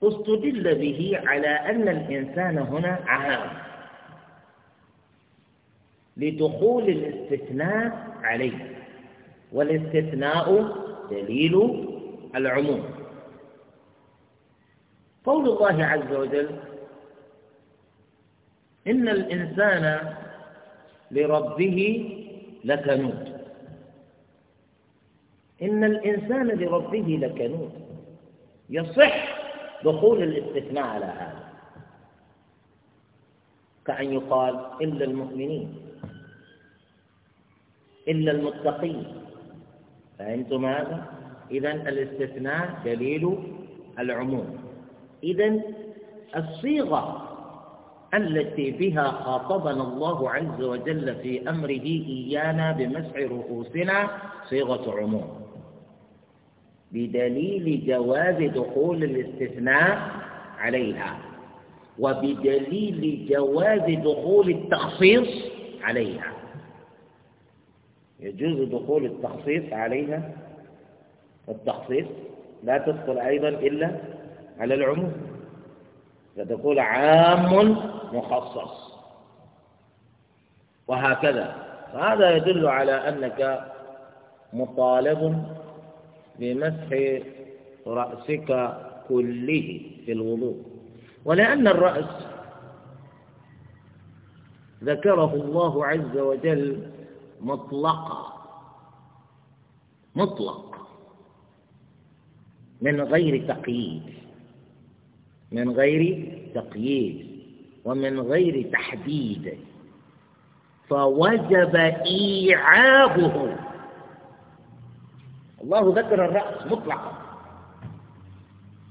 استدل به على أن الإنسان هنا عام لدخول الاستثناء عليه والاستثناء دليل العموم قول الله عز وجل إن الإنسان لربه لكنود إن الإنسان لربه لكنود يصح دخول الاستثناء على هذا كأن يقال إلا المؤمنين إلا المتقين فهمتم هذا؟ إذا الاستثناء دليل العموم إذا الصيغة التي بها خاطبنا الله عز وجل في أمره إيانا بمسح رؤوسنا صيغة عموم بدليل جواز دخول الاستثناء عليها وبدليل جواز دخول التخصيص عليها يجوز دخول التخصيص عليها التخصيص لا تدخل أيضا إلا على العموم فتقول عام مخصص وهكذا فهذا يدل على أنك مطالب بمسح رأسك كله في الوضوء ولأن الرأس ذكره الله عز وجل مطلقا مطلق من غير تقييد من غير تقييد ومن غير تحديد فوجب إيعابه الله ذكر الرأس مطلقا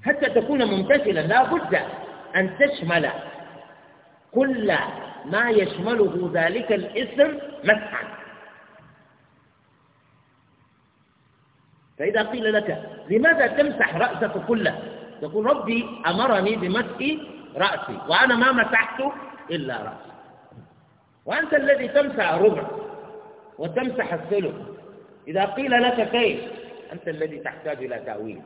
حتى تكون ممتثلا لا بد أن تشمل كل ما يشمله ذلك الاسم مسحا فإذا قيل لك لماذا تمسح رأسك كله تقول ربي أمرني بمسح رأسي وأنا ما مسحت إلا رأسي وأنت الذي تمسح ربع وتمسح الثلث إذا قيل لك كيف أنت الذي تحتاج إلى تأويل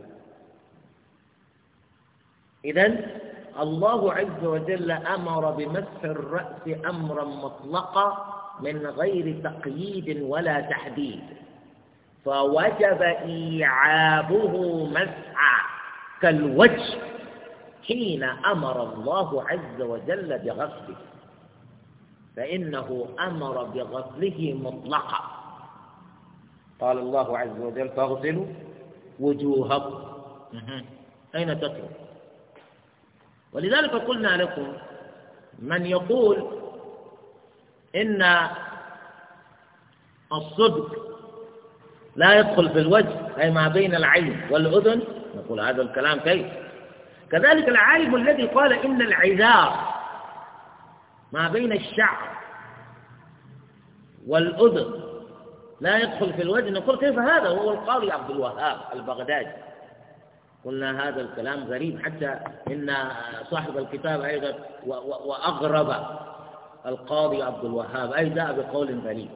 إذا الله عز وجل أمر بمسح الرأس أمرا مطلقا من غير تقييد ولا تحديد فوجب إيعابه مسعى كالوجه حين أمر الله عز وجل بغسله فإنه أمر بغسله مطلقا قال الله عز وجل فاغسلوا وجوهكم أين تترك ولذلك قلنا لكم من يقول إن الصدق لا يدخل في الوجه أي ما بين العين والأذن نقول هذا الكلام كيف كذلك العالم الذي قال إن العذار ما بين الشعر والأذن لا يدخل في الوجه نقول كيف هذا وهو القاضي عبد الوهاب البغدادي قلنا هذا الكلام غريب حتى إن صاحب الكتاب أيضا وأغرب القاضي عبد الوهاب أيضا بقول غريب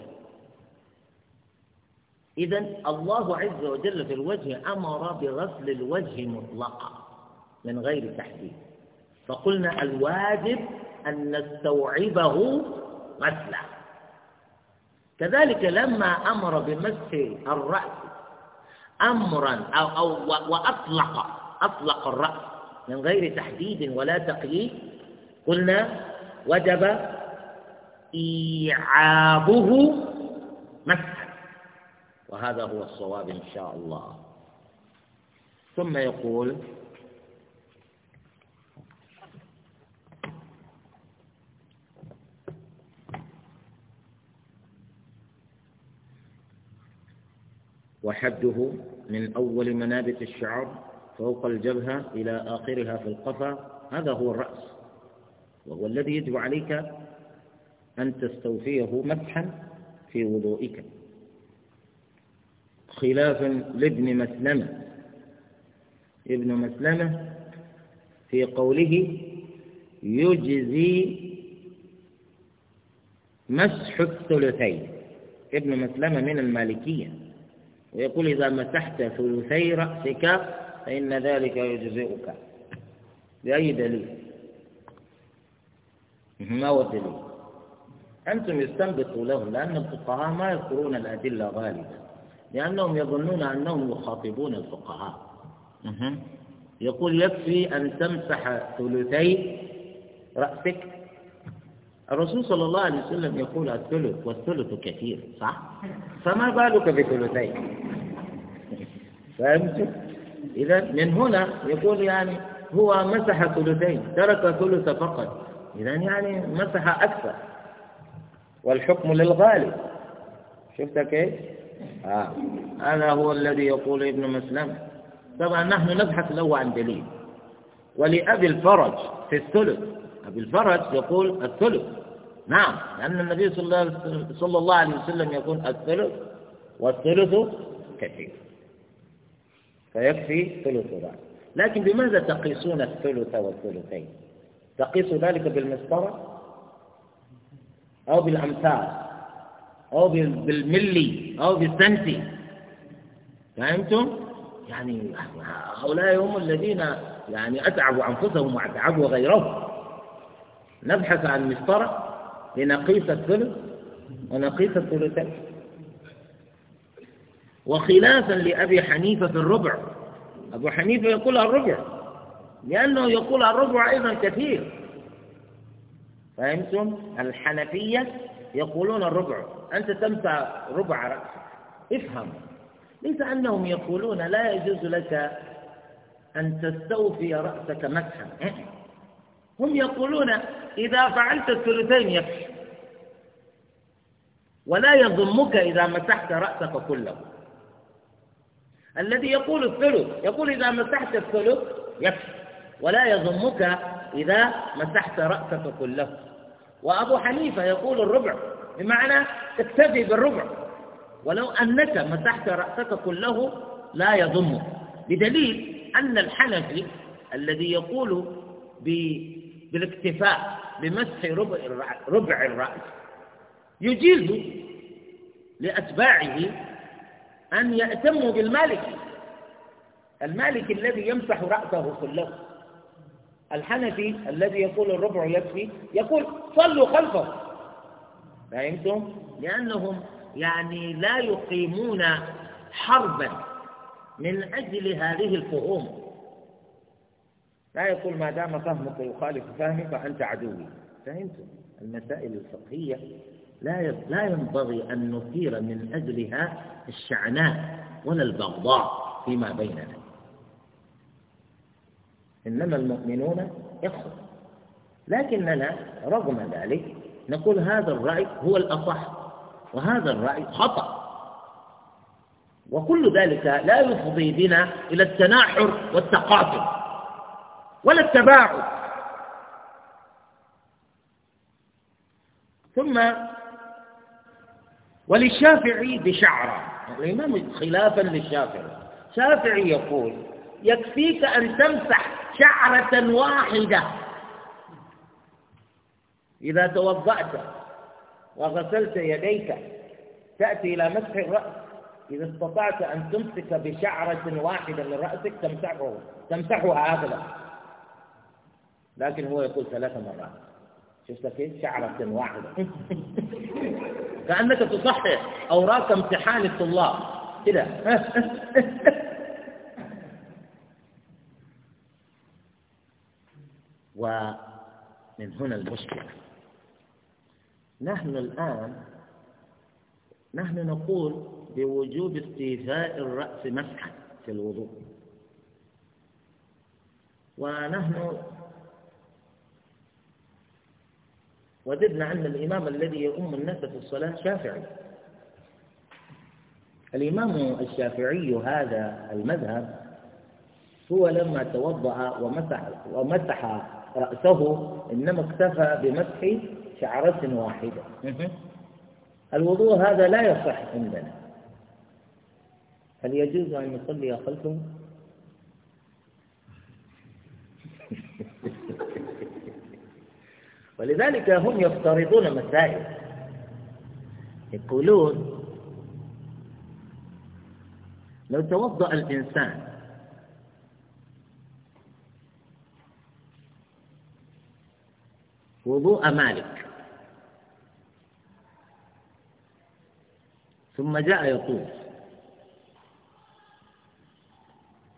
إذا الله عز وجل في الوجه أمر بغسل الوجه مطلقا من غير تحديد فقلنا الواجب أن نستوعبه غسلا كذلك لما أمر بمسح الرأس أمرا أو, أو وأطلق أطلق الرأس من غير تحديد ولا تقييد قلنا وجب إيعابه مسحا وهذا هو الصواب إن شاء الله ثم يقول وحده من أول منابت الشعر فوق الجبهة إلى آخرها في القفا هذا هو الرأس وهو الذي يجب عليك أن تستوفيه مسحا في وضوئك خلافا لابن مسلمة ابن مسلمة في قوله يجزي مسح الثلثين ابن مسلمة من المالكية ويقول إذا مسحت ثلثي رأسك فإن ذلك يجزئك بأي دليل ما هو الدليل أنتم يستنبطوا لهم لأن الفقهاء ما يذكرون الأدلة غالبا لأنهم يظنون أنهم يخاطبون الفقهاء يقول يكفي أن تمسح ثلثي رأسك الرسول صلى الله عليه وسلم يقول الثلث والثلث كثير صح؟ فما بالك بثلثين؟ فهمت؟ إذا من هنا يقول يعني هو مسح ثلثين ترك ثلث فقط إذا يعني مسح أكثر والحكم للغالب شفت كيف؟ آه. هذا هو الذي يقول ابن مسلم طبعا نحن نبحث له عن دليل ولأبي الفرج في الثلث أبي الفرج يقول الثلث نعم لأن النبي صلى الله عليه وسلم يقول الثلث والثلث كثير فيكفي ثلث ذلك لكن بماذا تقيسون الثلث والثلثين تقيس ذلك بالمسطرة أو بالأمثال أو بالملي أو بالسنتي فهمتم؟ يعني هؤلاء هم الذين يعني أتعبوا أنفسهم وأتعبوا غيرهم نبحث عن مسطرة لنقيس الثلث ونقيس الثلثين وخلافا لأبي حنيفة في الربع أبو حنيفة يقول الربع لأنه يقول الربع أيضا كثير فهمتم؟ الحنفية يقولون الربع أنت تمسع ربع رأسك افهم ليس أنهم يقولون لا يجوز لك أن تستوفي رأسك مسحا هم يقولون إذا فعلت الثلثين يكفي ولا يضمك إذا مسحت رأسك كله الذي يقول الثلث يقول إذا مسحت الثلث يكفي ولا يضمك إذا مسحت رأسك كله وأبو حنيفة يقول الربع بمعنى تكتفي بالربع ولو أنك مسحت رأسك كله لا يضمك بدليل أن الحنفي الذي يقول ب بالاكتفاء بمسح ربع الرأس, ربع الرأس يجيز لأتباعه أن يأتموا بالمالكي المالكي الذي يمسح رأسه كله الحنفي الذي يقول الربع يكفي يقول صلوا خلفه فهمتم؟ لأنهم يعني لا يقيمون حربا من أجل هذه الفهوم لا يقول ما دام فهمك يخالف فهمي فأنت عدوي فهمت المسائل الفقهية لا لا ينبغي أن نثير من أجلها الشعناء ولا البغضاء فيما بيننا إنما المؤمنون إخوة لكننا رغم ذلك نقول هذا الرأي هو الأصح وهذا الرأي خطأ وكل ذلك لا يفضي بنا إلى التناحر والتقاتل ولا التباعد ثم وللشافعي بشعرة الإمام يعني خلافا للشافعي شافعي يقول يكفيك أن تمسح شعرة واحدة إذا توضأت وغسلت يديك تأتي إلى مسح الرأس إذا استطعت أن تمسك بشعرة واحدة من رأسك تمسحه تمسحها هكذا لكن هو يقول ثلاث مرات شفت كيف شعرة واحدة [laughs] كأنك تصحح أوراق امتحان الطلاب كده [laughs] ومن هنا المشكلة نحن الآن نحن نقول بوجوب استيفاء الرأس مسحا في الوضوء ونحن وجدنا أن الإمام الذي يؤم الناس في الصلاة شافعي الإمام الشافعي هذا المذهب هو لما توضأ ومسح ومسح رأسه إنما اكتفى بمسح شعرة واحدة الوضوء هذا لا يصح عندنا هل يجوز أن نصلي خلفه ولذلك هم يفترضون مسائل يقولون لو توضأ الإنسان وضوء مالك ثم جاء يطوف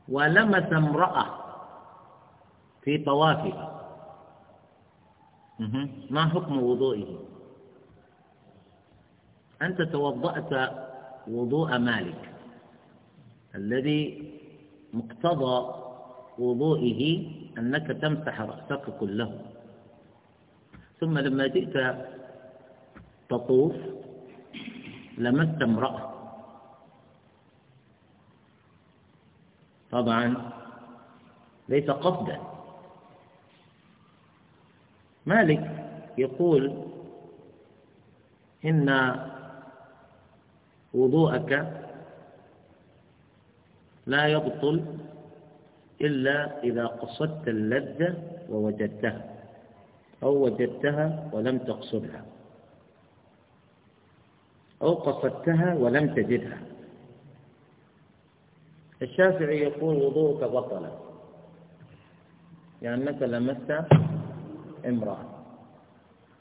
ولمس امرأة في طوافها ما حكم وضوئه أنت توضأت وضوء مالك الذي مقتضى وضوئه أنك تمسح رأسك كله ثم لما جئت تطوف لمست امرأة طبعا ليس قصدا مالك يقول إن وضوءك لا يبطل إلا إذا قصدت اللذة ووجدتها أو وجدتها ولم تقصدها أو قصدتها ولم تجدها الشافعي يقول وضوءك بطل لأنك أنك لمست امرأة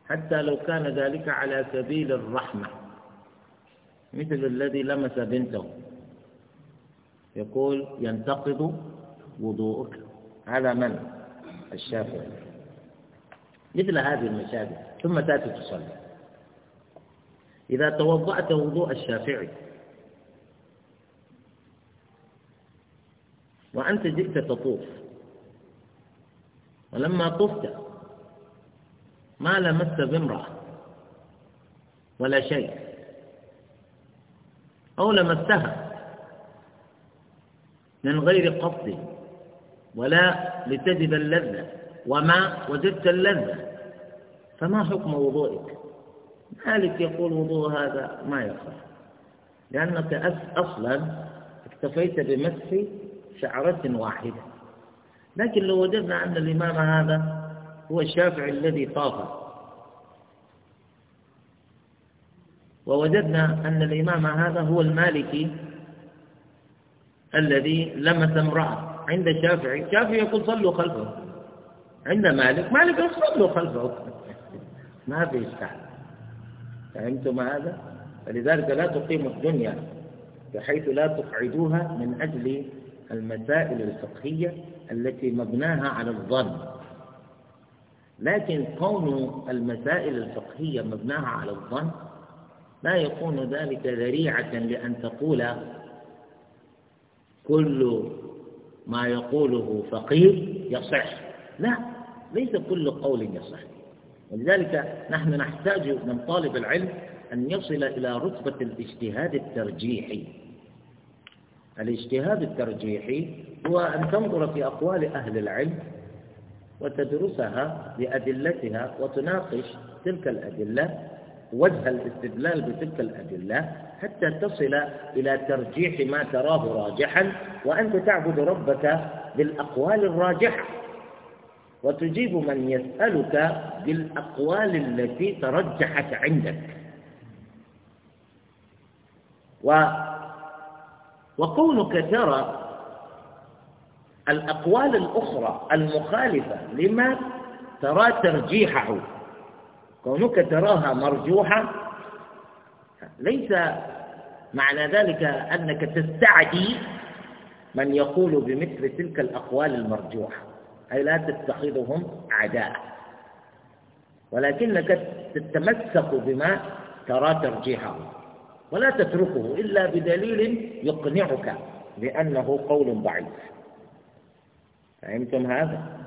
حتى لو كان ذلك على سبيل الرحمة مثل الذي لمس بنته يقول ينتقض وضوءك على من؟ الشافعي مثل هذه المشاهد ثم تأتي تصلي إذا توضأت وضوء الشافعي وأنت جئت تطوف ولما طفت ما لمست بامرأة ولا شيء أو لمستها من غير قصد ولا لتجد اللذة وما وجدت اللذة فما حكم وضوئك مالك يقول وضوء هذا ما يصح لأنك أصلا اكتفيت بمسح شعرة واحدة لكن لو وجدنا أن الإمام هذا هو الشافعي الذي طاف ووجدنا أن الإمام هذا هو المالكي الذي لمس امرأة عند الشافعي الشافعي يقول صلوا خلفه عند مالك مالك يقول صلوا خلفه [laughs] ما في إشكال فهمتم هذا؟ فلذلك لا تقيموا الدنيا بحيث لا تقعدوها من أجل المسائل الفقهية التي مبناها على الظن لكن كون المسائل الفقهية مبناها على الظن لا يكون ذلك ذريعة لأن تقول كل ما يقوله فقير يصح لا ليس كل قول يصح ولذلك نحن نحتاج من طالب العلم أن يصل إلى رتبة الاجتهاد الترجيحي الاجتهاد الترجيحي هو أن تنظر في أقوال أهل العلم وتدرسها بأدلتها وتناقش تلك الأدلة وجه الاستدلال بتلك الأدلة حتى تصل إلى ترجيح ما تراه راجحا وأنت تعبد ربك بالأقوال الراجحة وتجيب من يسألك بالأقوال التي ترجحت عندك و وكونك ترى الأقوال الأخرى المخالفة لما ترى ترجيحه كونك تراها مرجوحة ليس معنى ذلك أنك تستعدي من يقول بمثل تلك الأقوال المرجوحة أي لا تتخذهم عداء ولكنك تتمسك بما ترى ترجيحه ولا تتركه إلا بدليل يقنعك بأنه قول ضعيف فهمتم يعني هذا؟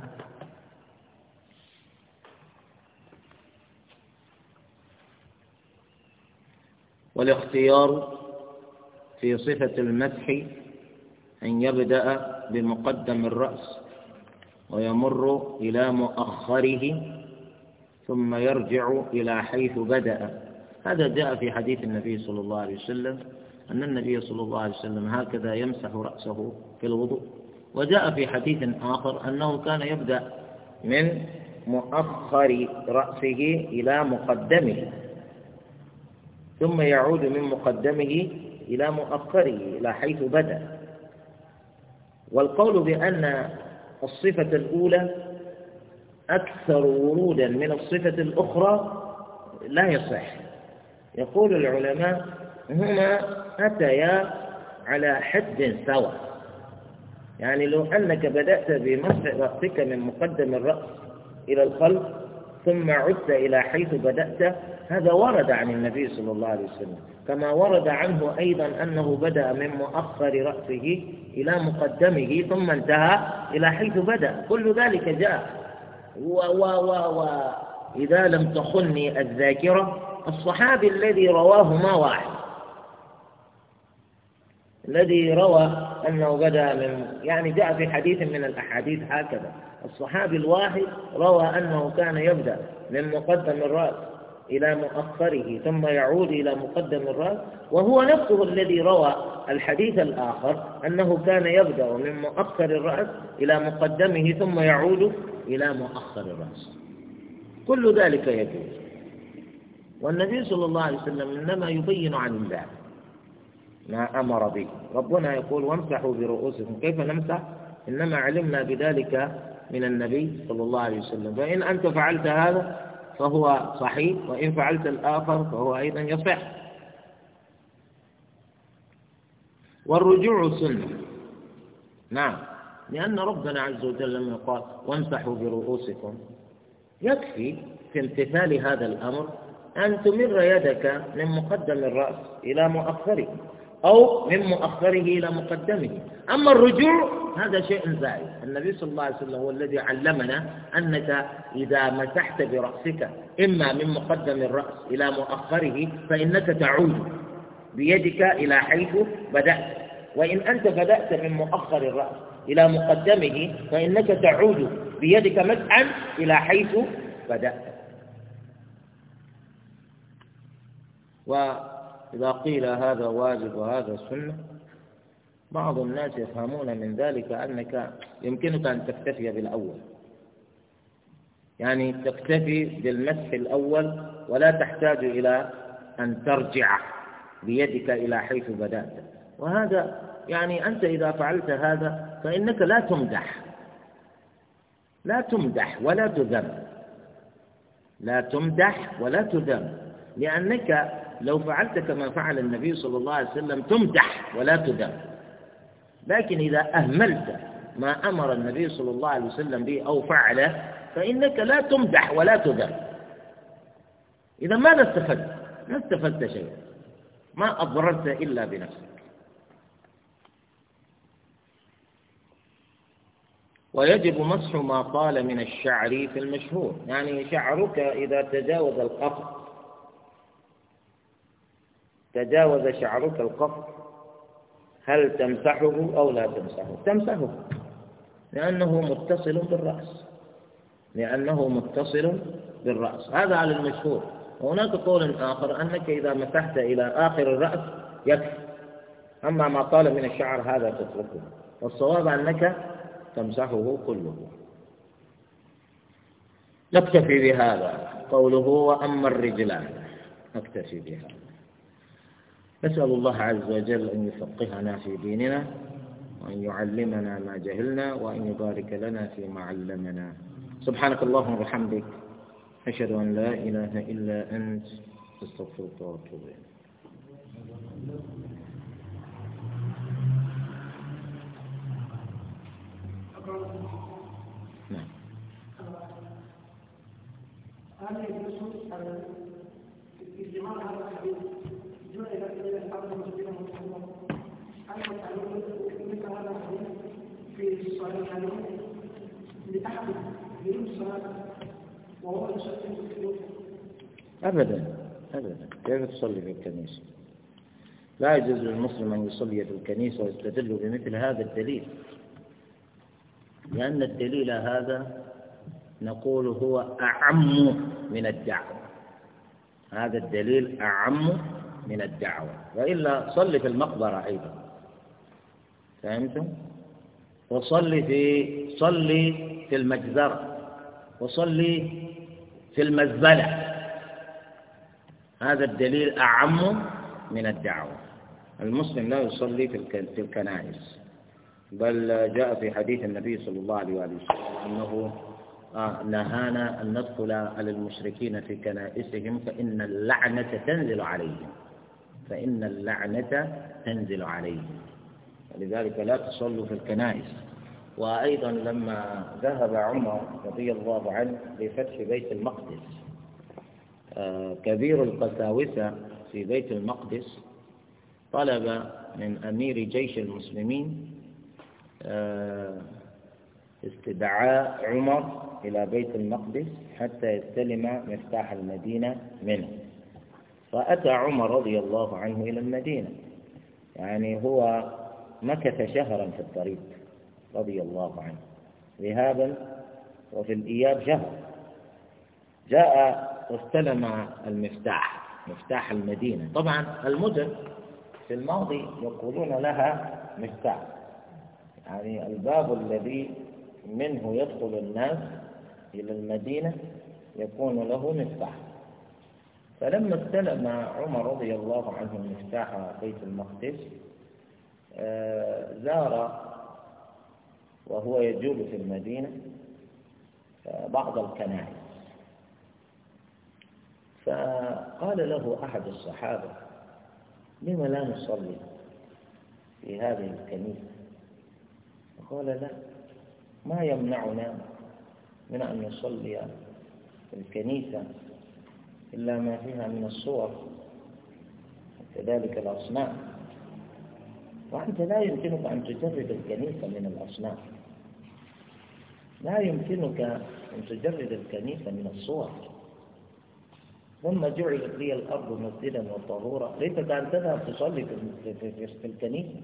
والاختيار في صفة المسح أن يبدأ بمقدم الرأس ويمر إلى مؤخره ثم يرجع إلى حيث بدأ هذا جاء في حديث النبي صلى الله عليه وسلم أن النبي صلى الله عليه وسلم هكذا يمسح رأسه في الوضوء وجاء في حديث آخر أنه كان يبدأ من مؤخر رأسه إلى مقدمه ثم يعود من مقدمه إلى مؤخره إلى حيث بدأ والقول بأن الصفة الأولى أكثر ورودا من الصفة الأخرى لا يصح يقول العلماء هما أتيا على حد سواء يعني لو أنك بدأت بمسح رأسك من مقدم الرأس إلى الخلف ثم عدت إلى حيث بدأت هذا ورد عن النبي صلى الله عليه وسلم كما ورد عنه أيضا أنه بدأ من مؤخر رأسه إلى مقدمه ثم انتهى إلى حيث بدأ كل ذلك جاء و و و و إذا لم تخني الذاكرة الصحابي الذي رواه ما واحد الذي روى أنه بدأ من يعني جاء في حديث من الأحاديث هكذا الصحابي الواحد روى أنه كان يبدأ من مقدم الرأس إلى مؤخره ثم يعود إلى مقدم الرأس وهو نفسه الذي روى الحديث الآخر أنه كان يبدأ من مؤخر الرأس إلى مقدمه ثم يعود إلى مؤخر الرأس كل ذلك يجوز والنبي صلى الله عليه وسلم إنما يبين عن ذلك ما أمر به ربنا يقول وامسحوا برؤوسكم كيف نمسح إنما علمنا بذلك من النبي صلى الله عليه وسلم فإن أنت فعلت هذا فهو صحيح وإن فعلت الآخر فهو أيضا يصح والرجوع سنة نعم لأن ربنا عز وجل لما قال وامسحوا برؤوسكم يكفي في امتثال هذا الأمر أن تمر يدك من مقدم الرأس إلى مؤخره أو من مؤخره إلى مقدمه أما الرجوع هذا شيء زائد النبي صلى الله عليه وسلم هو الذي علمنا أنك إذا مسحت برأسك إما من مقدم الرأس إلى مؤخره فإنك تعود بيدك إلى حيث بدأت وإن أنت بدأت من مؤخر الرأس إلى مقدمه فإنك تعود بيدك مسعا إلى حيث بدأت و إذا قيل هذا واجب وهذا سنة بعض الناس يفهمون من ذلك أنك يمكنك أن تكتفي بالأول يعني تكتفي بالمسح الأول ولا تحتاج إلى أن ترجع بيدك إلى حيث بدأت وهذا يعني أنت إذا فعلت هذا فإنك لا تمدح لا تمدح ولا تذم لا تمدح ولا تذم لأنك لو فعلت كما فعل النبي صلى الله عليه وسلم تمدح ولا تذم لكن إذا أهملت ما أمر النبي صلى الله عليه وسلم به أو فعله فإنك لا تمدح ولا تذم إذا ماذا استفدت؟ ما استفدت شيئا ما أضررت إلا بنفسك ويجب مسح ما طال من الشعر في المشهور يعني شعرك إذا تجاوز القصر تجاوز شعرك القفر هل تمسحه أو لا تمسحه تمسحه لأنه متصل بالرأس لأنه متصل بالرأس هذا على المشهور وهناك قول آخر أنك إذا مسحت إلى آخر الرأس يكفي أما ما طال من الشعر هذا تتركه والصواب أنك تمسحه كله نكتفي بهذا قوله وأما الرجلان نكتفي بهذا نسأل الله عز وجل أن يفقهنا في ديننا وأن يعلمنا ما جهلنا وأن يبارك لنا فيما علمنا سبحانك اللهم وبحمدك أشهد أن لا إله إلا أنت استغفرك واتوب إليك نعم. هل يجوز الاجتماع الحديث أبدا أبدا كيف تصلي في الكنيسة لا يجوز للمسلم أن يصلي في الكنيسة ويستدل بمثل هذا الدليل لأن الدليل هذا نقول هو أعم من الدعوة هذا الدليل أعم من الدعوة وإلا صل في المقبرة أيضا فهمتم؟ وصل في صل في المجزرة وصل في المزبلة هذا الدليل أعم من الدعوة المسلم لا يصلي في الكنائس بل جاء في حديث النبي صلى الله عليه وسلم أنه آه، نهانا أن ندخل على المشركين في كنائسهم فإن اللعنة تنزل عليهم فإن اللعنة تنزل عليه ولذلك لا تصلوا في الكنائس وأيضا لما ذهب عمر رضي الله عنه لفتح بيت المقدس آه، كبير القساوسة في بيت المقدس طلب من أمير جيش المسلمين آه، استدعاء عمر إلى بيت المقدس حتى يستلم مفتاح المدينة منه فأتى عمر رضي الله عنه إلى المدينة يعني هو مكث شهرا في الطريق رضي الله عنه ذهابا وفي الإياب شهر جاء واستلم المفتاح مفتاح المدينة طبعا المدن في الماضي يقولون لها مفتاح يعني الباب الذي منه يدخل الناس إلى المدينة يكون له مفتاح فلما استلم عمر رضي الله عنه مفتاح بيت المقدس آه، زار وهو يجول في المدينة آه، بعض الكنائس فقال له أحد الصحابة لم لا نصلي في هذه الكنيسة قال لا ما يمنعنا من أن نصلي في الكنيسة إلا ما فيها من الصور كذلك الأصنام وأنت لا يمكنك أن تجرد الكنيسة من الأصنام لا يمكنك أن تجرد الكنيسة من الصور ثم جعلت لي الأرض مسجدا وطهورا ليس أن تذهب تصلي في الكنيسة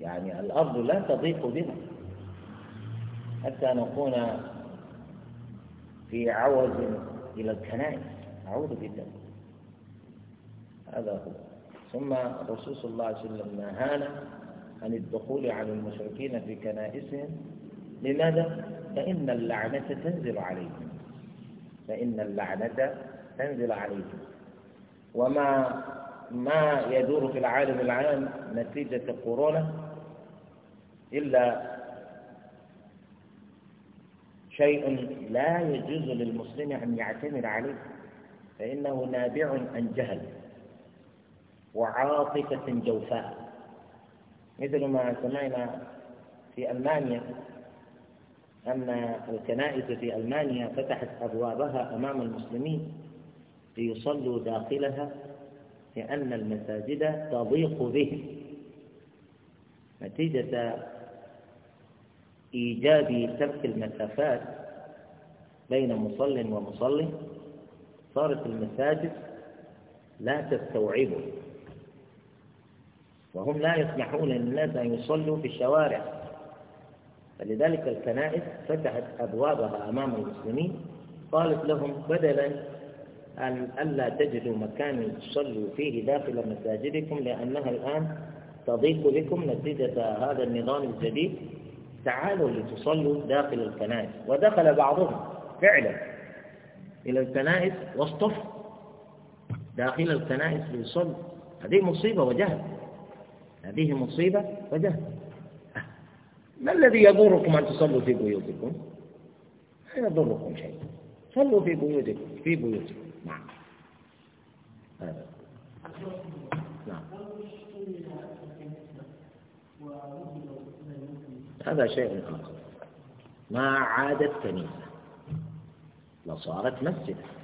يعني الأرض لا تضيق بنا حتى نكون في عوز إلى الكنائس أعوذ بالله هذا هو ثم الرسول صلى الله عليه وسلم نهانا عن الدخول على المشركين في كنائسهم لماذا؟ فإن اللعنة تنزل عليهم فإن اللعنة تنزل عليهم وما ما يدور في العالم العام نتيجة كورونا إلا شيء لا يجوز للمسلم أن يعتمد عليه فإنه نابع عن جهل وعاطفة جوفاء مثل ما سمعنا في ألمانيا أن الكنائس في ألمانيا فتحت أبوابها أمام المسلمين ليصلوا داخلها لأن المساجد تضيق به نتيجة إيجاد سبك المسافات بين مصل ومصل صارت المساجد لا تستوعبه وهم لا يسمحون للناس أن يصلوا في الشوارع فلذلك الكنائس فتحت أبوابها أمام المسلمين قالت لهم بدلا أن ألا تجدوا مكانا تصلوا فيه داخل مساجدكم لأنها الآن تضيق بكم نتيجة هذا النظام الجديد تعالوا لتصلوا داخل الكنائس ودخل بعضهم فعلا إلى الكنائس واصطف داخل الكنائس ليصلوا هذه مصيبة وجهل هذه مصيبة وجهل ما الذي يضركم أن تصلوا في بيوتكم؟ لا يضركم شيء صلوا في بيوتكم في بيوتكم نعم هذا نعم هذا شيء آخر ما عادت كنيسة وصارت مسجدا